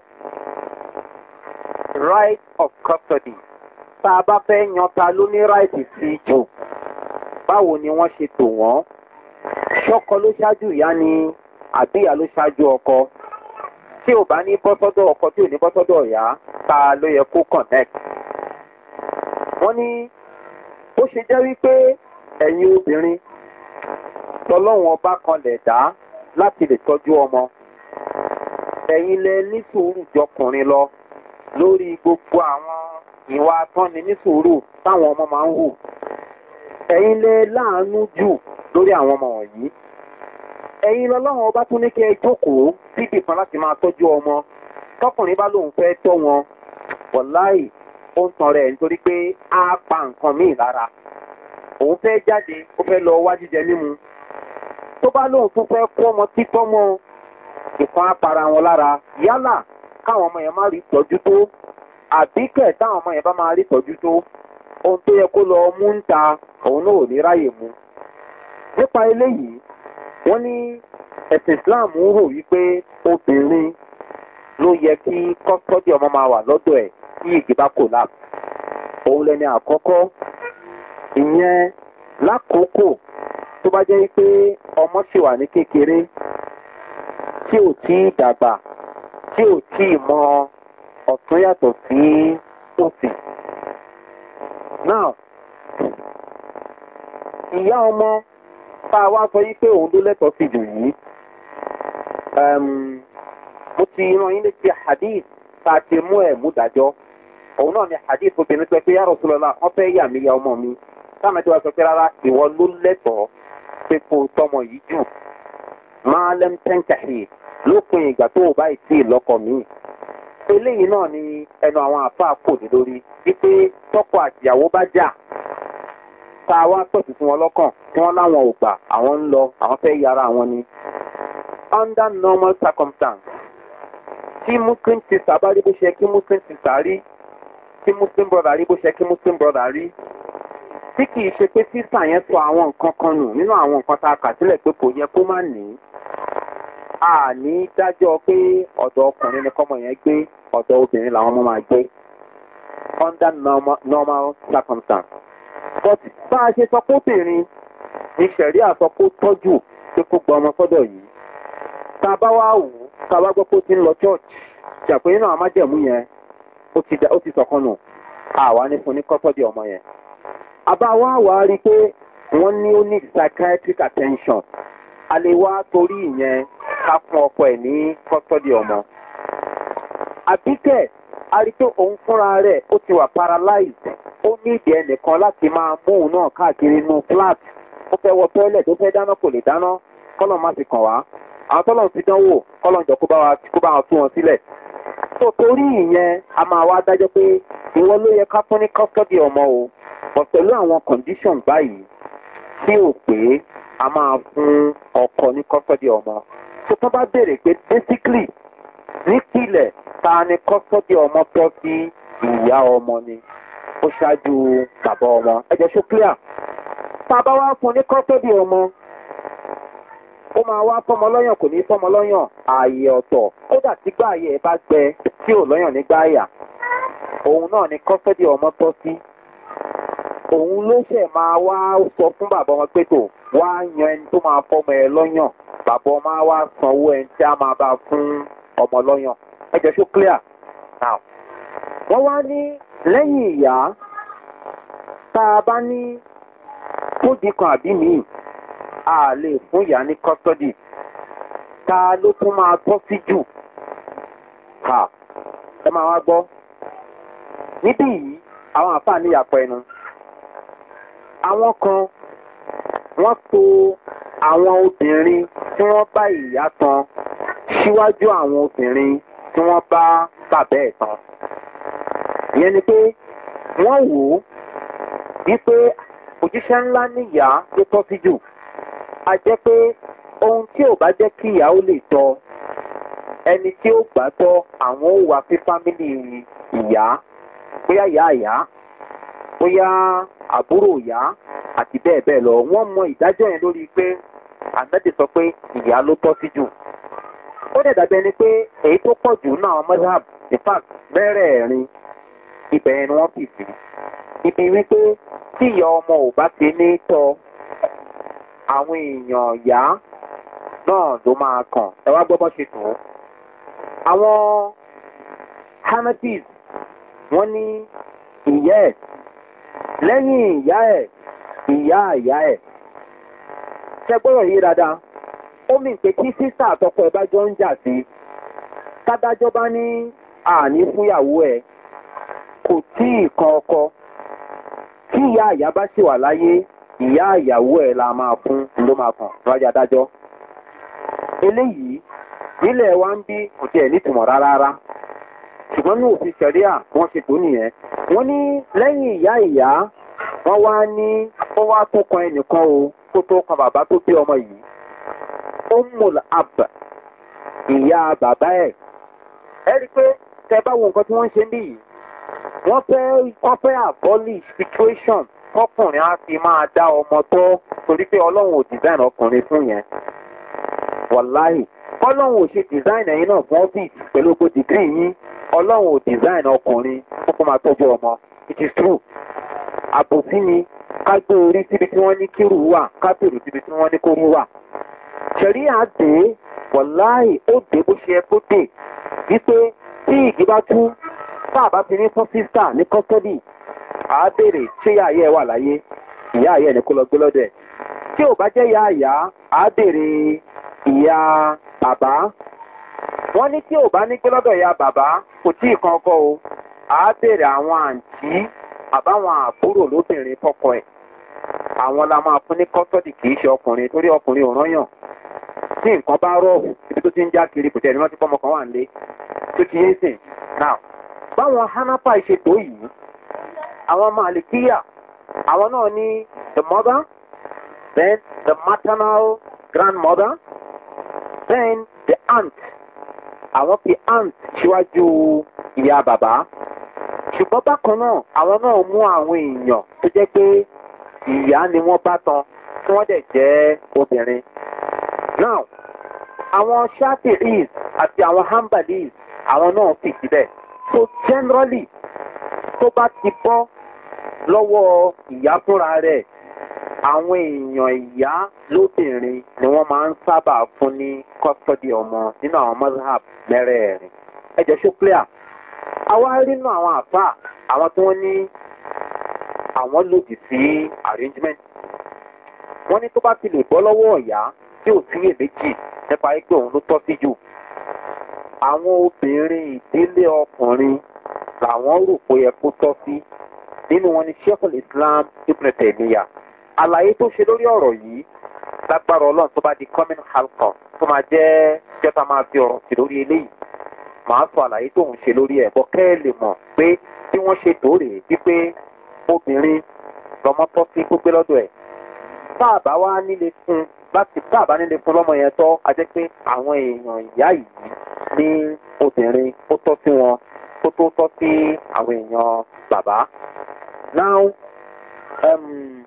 right of custody tá a bá fẹ́ yan ta ló ní right sí jù báwo ni wọ́n ṣe tò wọ́n ṣọ́kọ ló ṣáájú ìyá ni àbíyá ló ṣáájú ọkọ tí ò bá ní bọ́ sọ́dọ̀ ọkọ tí ò ní bọ́ sọ́dọ̀ ìyá ta ló yẹ kó connect wọ́n ní bó ṣe jẹ́ wípé ẹ̀yin obìnrin tọlọ́wọ́n ọba kan lẹ̀ dá láti lè tọ́jú ọmọ ẹ̀yin lẹ ní sùúrù jọkùnrin lọ lórí gbogbo àwọn ìwà atọ́ni ní sùúrù táwọn ọmọ máa ń hù ẹ̀yin lẹ láàánú jù lórí àwọn ọmọ wọ̀nyí ẹ̀yin lọ́lọ́wọ́n ọba tún ní kí ẹ jókòó síbì kan láti máa tọ́jú ọmọ tọkùnrin bá lóun fẹ́ tọ́ wọn wọ̀láì ó ń tan rẹ̀ nítorí pé á pa nǹkan míì lára òun fẹ́ jáde ó fẹ́ lọ wá jíjẹ mímu tó bá lóun tún fẹ́ kú ọmọ títọ́ mọ́ ìkan apara wọn lára yálà káwọn ọmọ yẹn má rí tọ́jú tó àbí kẹ̀ táwọn ọmọ yẹn bá máa rí tọ́jú tó ohun tó yẹ kó lọ mú ń ta òun náà ò ní ráyè mu. nípa eléyìí wọ́n ní ẹ̀sìn islam ń rò wípé obìnrin ló yẹ kí kọ́sọ́dì ọmọ máa wà lọ́dọ̀ ẹ̀ kí ìgì bá kò láàpù. òun lẹni àkọ́kọ́ ìyẹn lákòókò tó bá jẹ́ pé ọmọ sì wà ní kékeré tí ò tí ì dàgbà tí ò tí ì mọ ọ̀tún yàtọ̀ sí òsì. now ìyá ọmọ tá a wá sọ yí pé òun ló lẹ́tọ̀ọ́ sí jù yìí mo ti ran yín létí hadith tá a ti mú ẹ̀ mú dájọ́ òun náà ni hadith obìnrin pé yàrá òṣèlú ọ̀la yà mí ya ọmọ mi táwọn ẹjọ́ wa sọ pé rárá ìwọ ló lẹ́tọ̀ọ́ sépo tọmọ yìí jù máa lẹ́m tẹ́ǹkàhì lópin ìgbà tó o báyìí tí ì lọ́kọ̀ mi. eléyìí náà ni ẹnu àwọn àáfàá kò ní lórí wípé tọkọ àtìyàwó bá jà tá a wá pẹ̀tù fún wọn lọ́kàn tí wọ́n láwọn ò gbà àwọn ń lọ àwọn fẹ́ yára àwọn ni. under normal circumstances, tí muslim sister bá rí bó ṣe kí muslim sister rí tí muslim brother rí bó ṣe kí muslim brother rí tí kìí ṣe pé sísà yẹn sọ àwọn nǹkan kan nù nínú àwọn nǹkan tá a kà sílẹ̀ pé kò yẹ kó má ní a ní dájọ́ pé ọ̀dọ̀ ọkùnrin ni kọ́mọ yẹn gbé ọ̀dọ̀ obìnrin làwọn ọmọ máa gbé under normal, normal circumstance but bá a ṣe sọ pé obìnrin ní sẹ̀rí àsọ pé ó tọ́jú pé kó gba ọmọ sọ́dọ̀ yìí tá a bá wá wù ú tá a bá gbọ́ pé ó ti ń lọ church jàpé nínú àmájẹ̀mú yẹn ó ti sọ̀kan nù àwa ní fún ní kọ́sọ́dì àbá wa wà á rí i pé wọ́n ní ó ní psychiatric attention a lè wá torí ìyẹn ká fún ọkọ ẹ̀ ní custody ọmọ. àbíkẹ́ a rí i pé òun fúnra rẹ̀ ó ti wà paralyzed ó ní ìdí ẹnìkan láti máa mú òun náà káàkiri inú flat ó fẹ́ wọ toilet ó fẹ́ dáná kò lè dáná kọ́lọ̀ má ti kàn wá àwọn tọ́lọ̀ ti dánwò kọ́lọ̀ jọ kó bá wa a máa wá dájọ́ pé ìwọ but pẹ̀lú àwọn condition báyìí tí ò pé a máa fún ọkọ ní custody ọmọ tó tán bá béèrè pé basically nípìnlẹ̀ ta ni custody ọmọ tọ́ sí ìyá ọmọ ni ó ṣáájú bàbá ọmọ ẹ̀jẹ̀ ṣó clear tá a bá wá fún ní custody ọmọ ó máa wá fọmọ lọ́yàn kò ní fọmọ lọ́yàn ààyè ọ̀tọ̀ kódà tí gbà ààyè ẹ̀ bá gbẹ tí ò lọ́yàn nígbà àyà òun náà ni custody ọmọ tọ́ sí òun ló ṣẹ̀ máa wá sọ fún bàbá wọn pé tò wá yan ẹni tó máa fọmọ ẹ lọ́yàn bàbá ọmọ á sanwó ẹni tí a máa bá fún ọmọ lọ́yàn ẹ jẹ́ ṣó clear now. wọ́n wá ní lẹ́yìn ìyá tá a bá ní fódì kan àbí míì a lè fún ìyá ní custody ta ló tún máa tọ́ sí jù ẹ máa wá gbọ́ níbí yìí àwọn àǹfààní yàpọ̀ ẹnu àwọn kan wọ́n to àwọn obìnrin tí wọ́n bá ìyá tan síwájú àwọn obìnrin tí wọ́n bá bàbá ẹ̀ tan. ìyẹn ni pé wọ́n wò ó wípé òjíṣẹ́ ńlá níyà ló tọ́ sí jù a jẹ́ pé ohun tí ò bá jẹ́ kí ìyá lè tọ́ ẹni tí ó gbà tọ́ àwọn ò wá ìyá bóyá ìyá ìyá bóyá àbúrò ìyá àti bẹ́ẹ̀ bẹ́ẹ̀ lọ wọ́n mọ ìdájọ́ yẹn lórí pé ahmed sọ pé ìyá ló tọ́ sí jù ó dẹ̀ dàbí ẹni pé èyí tó pọ̀ jù náà mọ́sáàb in fact mẹ́rẹ̀ẹ̀rin ibẹ̀ yẹn ni wọ́n fì sí ibi wípé tí ìyá ọmọ ò bá ti ní tọ àwọn èèyàn ìyá náà ló máa kàn ẹ wá gbọ́ bọ́ ṣe tó àwọn hanafis wọ́n ní ìyá ẹ̀ lẹ́yìn ìyá ẹ̀ ìyá ìyá ẹ̀ ṣe gbọ́dọ̀ yé dáadáa ó mì pé kí sísà àtọkọ ẹ̀ bá jọ ń jà sí tádájọ́ bá ní àní fúnyàwó ẹ̀ kò tí ì kan ọkọ tí ìyá ìyá bá sì wà láyé ìyá ìyàwó ẹ la máa fún ló máa kàn rájà dájọ́ eléyìí nílẹ̀ wa ń bí kò tiẹ̀ nítumọ̀ rárá ṣùgbọ́n ní òfin ṣẹ̀ríà wọ́n ṣètò nìyẹn wọ́n ní lẹ́yìn ìyá ìyá wọ́n wá ní ó wá tó kan ẹnìkan o kó tó kan bàbá tó bí ọmọ yìí ó mùl ab ìyá bàbá ẹ̀ ẹ rí i pé tẹ bá wo nǹkan tí wọ́n ń ṣe ń wọ́n fẹ́ wọ́n fẹ́ abọ́lì situation tọkùnrin á fi máa dá ọmọ tó torí pé ọlọ́run ò design ọkùnrin fún yẹn wàláì ọlọ́run ò ṣe design ẹ̀yin náà fún ọ́fíìsì pẹ̀lú gbogbo dìgírì yín ọlọ́run ò design ọkùnrin kó máa tọ́jú ọmọ it is true àbòsí ni ká gbé orí síbi tí wọ́n ní kírù wà ká bèrè síbi tí wọ́n ní kóró wà ṣẹ̀rí àdé wọ̀láì ó dé bó ṣe ẹ bó dé wípé tí ìgì bá tú tá a bá ti ní fún sísà ní kọ́sọ́dì á béèrè ṣé ìyá ayé wà láyé ìyá ayé ẹ ní kó lọ gbé lọ́dẹ̀ tí ò bá jẹ́ ìyá àyà á béèrè ìyá bàbá wọ́n ní tí ò bá ní gbé lọ́dọ̀ ìyá bàbá kò tí ì kan o a bèrè àwọn àǹtí àbáwọn àbúrò lóbìnrin tọkọ ẹ àwọn la máa fún ní kọ́sọ́dì kì í ṣe ọkùnrin torí ọkùnrin ò yàn tí nǹkan bá rọ̀hù ibi tó ti ń já kiri kò tẹ̀lé rántí fọmọ kan wà nílé tó ti yé sìn náà báwọn hanapa the mother then the maternal grandmother then the aunt àwọn fi aunt ìyá bàbá. ṣùgbọ́n bákan náà àwọn náà mú àwọn èèyàn tó jẹ́ pé ìyá ni wọ́n bá tan tí wọ́n dẹ̀ jẹ́ obìnrin. now àwọn shafi'is àti àwọn hanbalis àwọn náà fi síbẹ̀ so generally tó bá ti bọ́ lọ́wọ́ ìyá fúnra rẹ̀ àwọn èèyàn ìyá lóbìnrin ni wọ́n máa ń sábà fún ní custody ọmọ nínú àwọn mazhab mẹ́rẹ̀ẹ̀rin ẹ jẹ́ ṣó clear àwa rínú àwọn àfà àwọn tí wọ́n ní àwọn lòdì sí arrangement wọ́n ní tó bá ti lè bọ́ lọ́wọ́ ọ̀yá tí ò sí èméjì nípa ẹgbẹ́ òun ló tọ́ sí jù àwọn obìnrin ìdílé ọkùnrin làwọn rò pé ẹ kó tọ́ sí nínú wọn ni sheikh islam ibn taymiya àlàyé tó ṣe lórí ọ̀rọ̀ yìí lágbára ọlọ́run tó bá di coming halcon tó máa jẹ́ jẹ́ta máa fi ọ̀rọ̀ sí lórí eléyìí màá sọ àlàyé tó ń ṣe lórí ẹ̀ bọ́ kẹ́ ẹ lè mọ̀ pé bí wọ́n ṣe tó rèé wípé obìnrin lọmọ tọ́ sí gbogbo lọ́dọ̀ ẹ̀ bá àbá wá nílé fún láti bá àbá nílé fún lọ́mọ yẹn tọ́ a jẹ́ pé àwọn èèyàn ìyá yìí ní obìnrin ó tọ́ sí wọn ó tó tọ́ sí àwọn èèyàn bàbá. now um,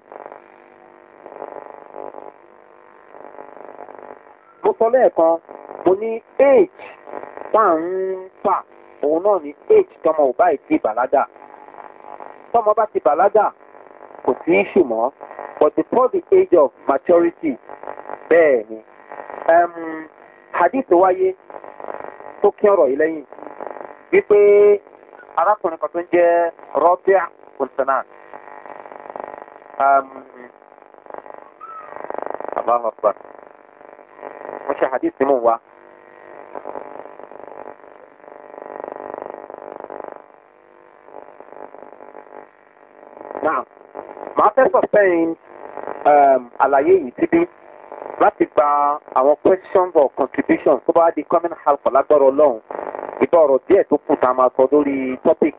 mo sọ lẹ́ẹ̀kan mo ní age sa n ń fà òun ni age tọmọ ò báyìí ti bàlágà tọmọ bá ti bàlágà kò sí isu mọ́ but before the age of maturity bẹ́ẹ̀ ni hadith wáyé tó kí ọ̀rọ̀ yìí lẹ́yìn wípé arákùnrin kan tó ń jẹ́ rọ́bíà kùnsánán mo ṣe hadith mú wa. Now, màá fẹ́ sọ sẹ́yìn um, àlàyé yìí síbí láti gba àwọn questions or contributions tó bá di common half lágbára ọlọ́run ìbá ọ̀rọ̀ díẹ̀ tó kù tá a máa sọ lórí topic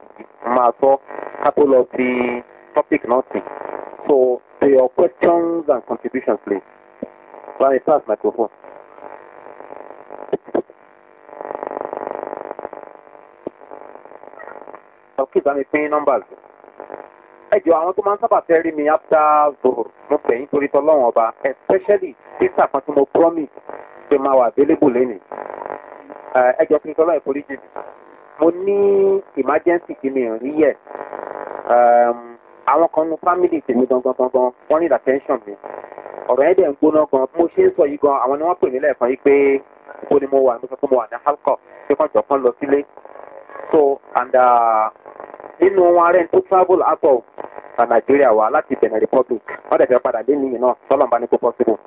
máa sọ ká tó lọ sí topic náà sí so to your questions and contributions please. Let me pass microphone. Okay, let me pay numbers ẹjọ àwọn tó máa ń sábà fẹ́ rí mi after zoro mo pè yín torí tọ́lọ́wọ́n ọba especially títà kan tí mo promise pé máa wà available lẹ́nìí ẹjọ kí n tọ́lọ́ ìforí jìbì mo ní emergency kí mi rí yẹ àwọn kan nu family tèmi gangan gangan wọ́n ní attention mi ọ̀rọ̀ yẹn dẹ̀ ń gbóná gan mo ṣe ń sọ yìí gan àwọn ni wọ́n pè mí lẹ́ẹ̀kan yìí pé ibo ni mo wà mo sọ pé mo wà ní halkọ pé kàn jọ̀kan lọ sílé so and uh, nínú wọn arẹ́ni tó travel out of nàìjíríà wá láti benin republic wọ́n dẹ̀ fẹ́ padà dé nìyí náà sọ́lọ́mbà ní kó possible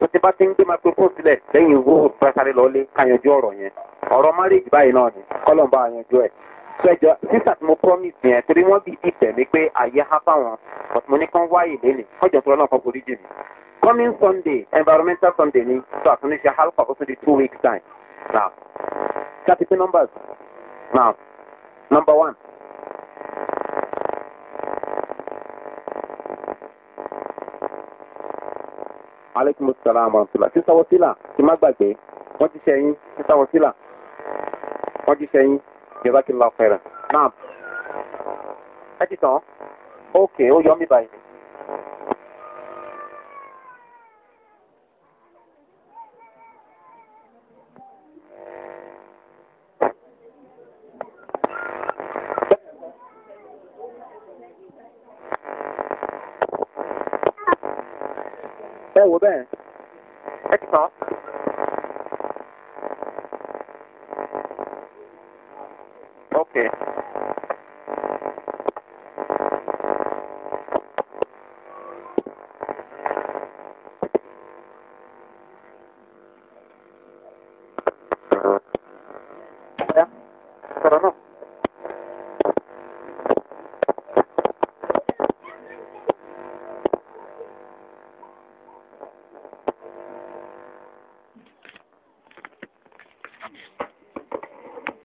tó ti bá ti ń gbé máa pín fóònù sílẹ̀ lẹ́yìn owó pẹ́sàrí lọ́lé káyanjú ọ̀rọ̀ yẹn ọ̀rọ̀ marriage báyìí náà ni kọ́lọ́mbà àyanjú ẹ̀ sẹjọ sísà tí mo promise yẹn torí wọn bí ìbẹ̀ mi pé àyè ha fáwọn but mo ní kán wáyé lélẹ̀ kọjọ tó lọ́nà kan forí jì mí coming sunday environmental sunday ni so àtúnṣe halkọ ó tún di two weeks time now thirty numbers now number one. aleykum salaam rahmatulah sísá wọsílà kí má gbàgbé wọn ti ṣẹyìn sísá wọsílà wọn ti ṣẹyìn yorùbá kí n lọ fẹrẹ náà ẹ ti tàn ókè ó yọ mí báyìí. bẹ́ẹ̀ ẹ